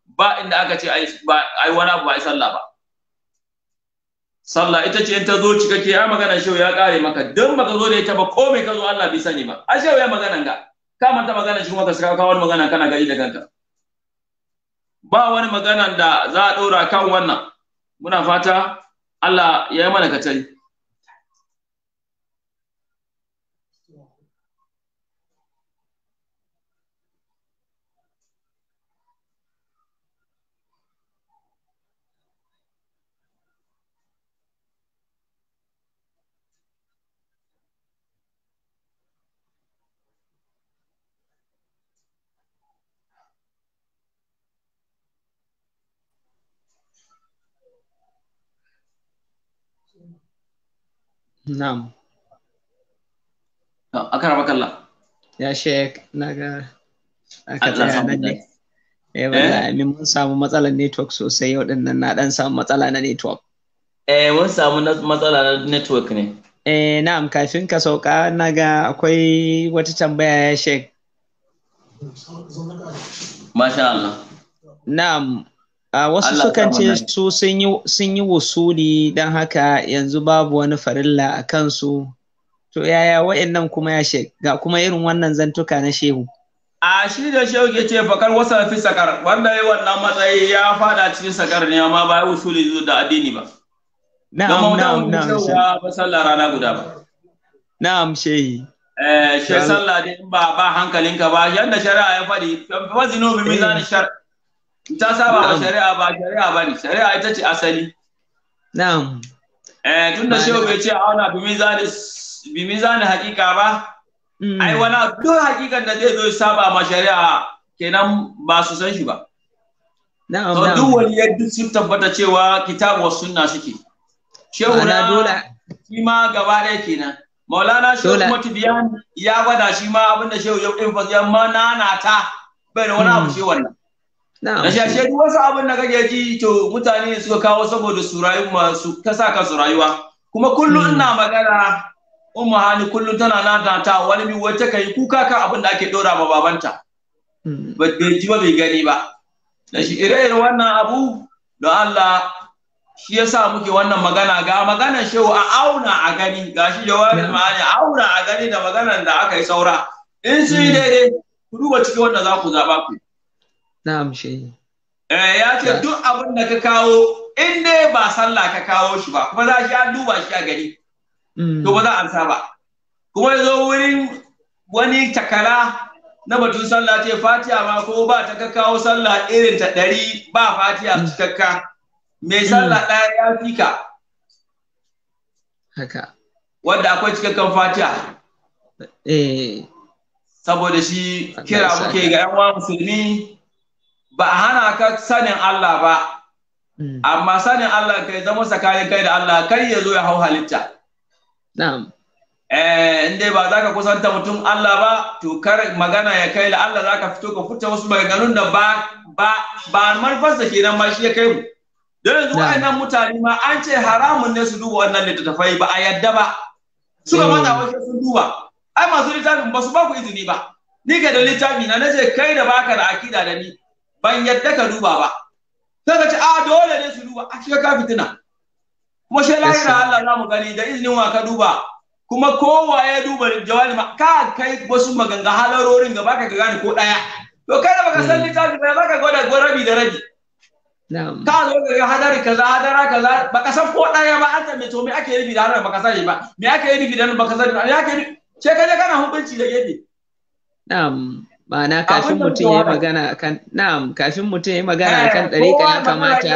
ba inda aka ce ai ba ai wani abu ba ai sallah ba sallah ita ce in ta zo cikakke ya magana shi ya kare maka dan baka zo da ita ba ko mai ka zo Allah bai sani ba a shi ya magana ga ka manta magana shi kuma ka saka wani magana kana gari da kanka ba wani magana da za a ɗora kan wannan muna fata Allah ya yi mana katari Na'am. Akara bakalla. Ya shek na ga aka tsaya nan ne. Eh, eh wallahi min mun samu matsalar network sosai yau din nan na dan samu matsala na network. Eh mun samu matsala na network ne. Eh na'am kafin ka sauka na ga akwai wata tambaya ya shek. Masha Allah. Na'am A wasu sukan ce su sun yi wasuli don haka yanzu babu wani farilla a kansu to yaya wa'annan kuma ya shek ga kuma irin wannan zantuka na shehu a shi da shehu ke ce fakar wasa fi sakar wanda ya wannan matsayi ya fada cikin sakar ne amma ba ya wasuli zuwa da addini ba na'am na'am na'am ba sallah rana guda ba na'am shehi eh she sallah din ba ba hankalinka ba yanda shari'a ya faɗi fa bi mizan eh. shari'a ta saba ba shari'a ba shari'a ba ne shari'a ita ce asali na'am eh tun da shehu bai ce auna bimizani bimizani hakika ba hmm. ai wani duk hakikan da zai zo saba ma shari'a kenan ba su san shi ba na'am to duk wani yadda sun tabbata cewa kitabu was sunna suke shehu na shi ma gaba ɗaya kenan maulana shehu kuma tibiyan ya gwada shi ma abinda shehu ya ɗin fasiyan ma nana ta bai da wani abu shi wannan Na shashe duk wasu abin da kake ji to mutane suka kawo saboda su rayu masu ta sa kansu rayuwa kuma kullum hmm. ina magana umma hani kullum tana ta wani bi wata kai kuka kan abin da ake dora ma babanta hmm. bai ji ba bai gani ba Na shi ire wannan abu da Allah shi yasa muke wannan magana ga maganar shehu a auna a gani ga shi jawabin hmm. ma'ani auna a gani da maganar da aka yi saura in su yi daidai ku duba cikin wanda za ku zaɓa ku Na'am shehi. Eh ya ce duk abin da ka kawo in ne ba sallah ka kawo shi ba kuma za shi an duba shi a gari. To ba za a ansa ba. Kuma ya zo wurin wani takara na batun sallah ce fatiha ma ko ba ta ka kawo sallah irin ta ɗari ba fatiha mm. cikakka. Mai sallah mm. ɗaya ya fi ka. Haka. Wanda akwai cikakken fatiha. Eh. Saboda shi kira muke ga 'yan musulmi ba a hana ka sanin Allah ba hmm. amma sanin Allah kai zama tsakanin kai da Allah kai ya zo ya hau halitta na'am eh, in dai ba za ka kusanta mutum Allah ba to kar magana ya kai da Allah za ka fito ka fita wasu maganganun da ba ba ba manufarsa kenan ma shi ya kai mu don yanzu wa'annan mutane ma an ce haramun ne su duba wannan littattafai ba a yadda ba suka mata hmm. wasu sun duba ai masu littafin ba su ba ku izini ba ni ga da littafi na nace kai da baka da akida da ni ban yadda ka duba ba sai ka ci a ah, dole ne su duba a cikin ka fitina kuma shi lahira Allah za mu gani da izinin wa ka duba kuma kowa ya duba jawali ma ka kai wasu maganga halarorin baka ka gane ko daya to kai da baka san mm. littafi ba baka gwada rabi da rabi ka zo ka ga hadari kaza hadara kaza baka san ko daya ba an tambaye to me ake yi da hadara baka shi ba me ake yi da baka sani ba ya ke ce sai ka je kana hukunci da gefe na'am ma'ana kafin mutum ya yi magana kan na'am kafin mutum ya yi magana eh, kan ɗariƙa ya kamata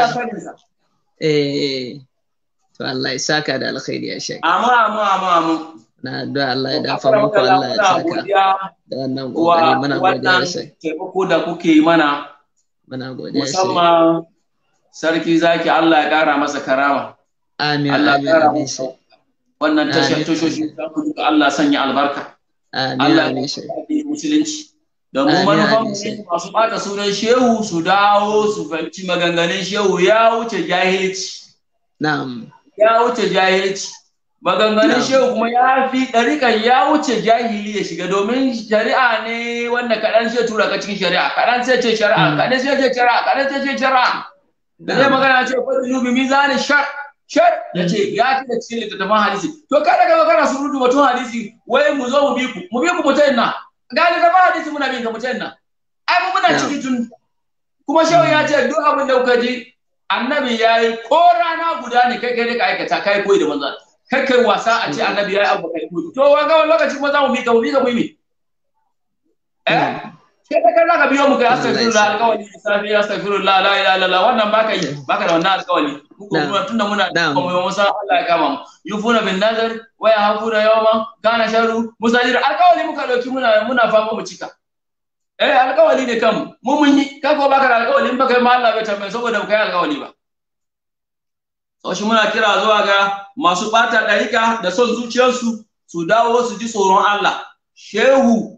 eh to Allah ya saka da alkhairi ya shek amma amma amma amma na da Allah ya dafa muku Allah ya saka da wannan kokari muna godiya shek taimako da kuke yi mana muna godiya shek musamman sarki zaki Allah ya ƙara masa karama amin Allah ya ƙara masa wannan tashar tushoshi Allah sanya albarka Allah ya ƙara masa musulunci da mu manufan masu ɓata sunan shehu su dawo su fahimci maganganun shehu ya wuce jahilci na'am ya wuce jahilci maganganun shehu kuma ya fi ɗarikan ya wuce jahili ya shiga domin shari'a ne wanda kaɗan sai tura ka cikin shari'a kaɗan sai ce shari'a hmm. kaɗan sai ce shari'a kaɗan sai ce shari'a da zai magana ce ko kwa zunubi mizanin shar shar ya ce hmm. ya fi da cikin littattafan hadisi to kada ka magana surutu batun hadisi wai mu zo mu bi ku mu bi ku mutane na gani zama hadisi muna bin kamar nan ai mu muna ciki tun kuma shehu ya ce duk abin da kuka ji annabi ya yi ko rana guda ne kai kai ka aikata kai koyi da manzo kai kai wasa a ce mm. annabi ya yi abu kai koyi to wa ga lokaci kuma za mu mika mu mika mu yi eh mm. sai da kan zaka biyo mu kai astaghfirullah alƙawari safi astaghfirullah la ilaha illallah wannan baka yi baka da wannan alƙawari kuma tunda muna da kuma musa Allah ya kama mu yufuna bin nazar wa yahfuna yawman kana sharu musajir alƙawari muka dauki muna muna fama mu cika eh alƙawari ne kanmu mu mun yi kai ko baka da alƙawari in baka yi ma Allah bai tambaye saboda kai alƙawari ba sau shi muna kira zuwa ga masu ɓata ɗarika da son zuciyarsu su dawo su ji tsoron Allah shehu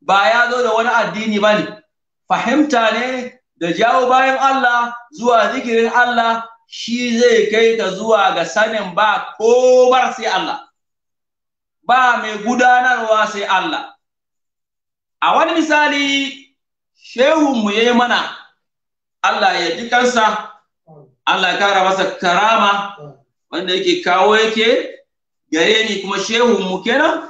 ba ya zo da wani addini ba ne fahimta ne da jawo bayan Allah zuwa zikirin Allah shi zai kai ta zuwa ga sanin ba komar sai Allah ba mai gudanarwa sai Allah a wani misali shehunmu ya yi mana Allah ya ji kansa Allah ya kara masa karama wanda yake kawo yake gare ni kuma mu kenan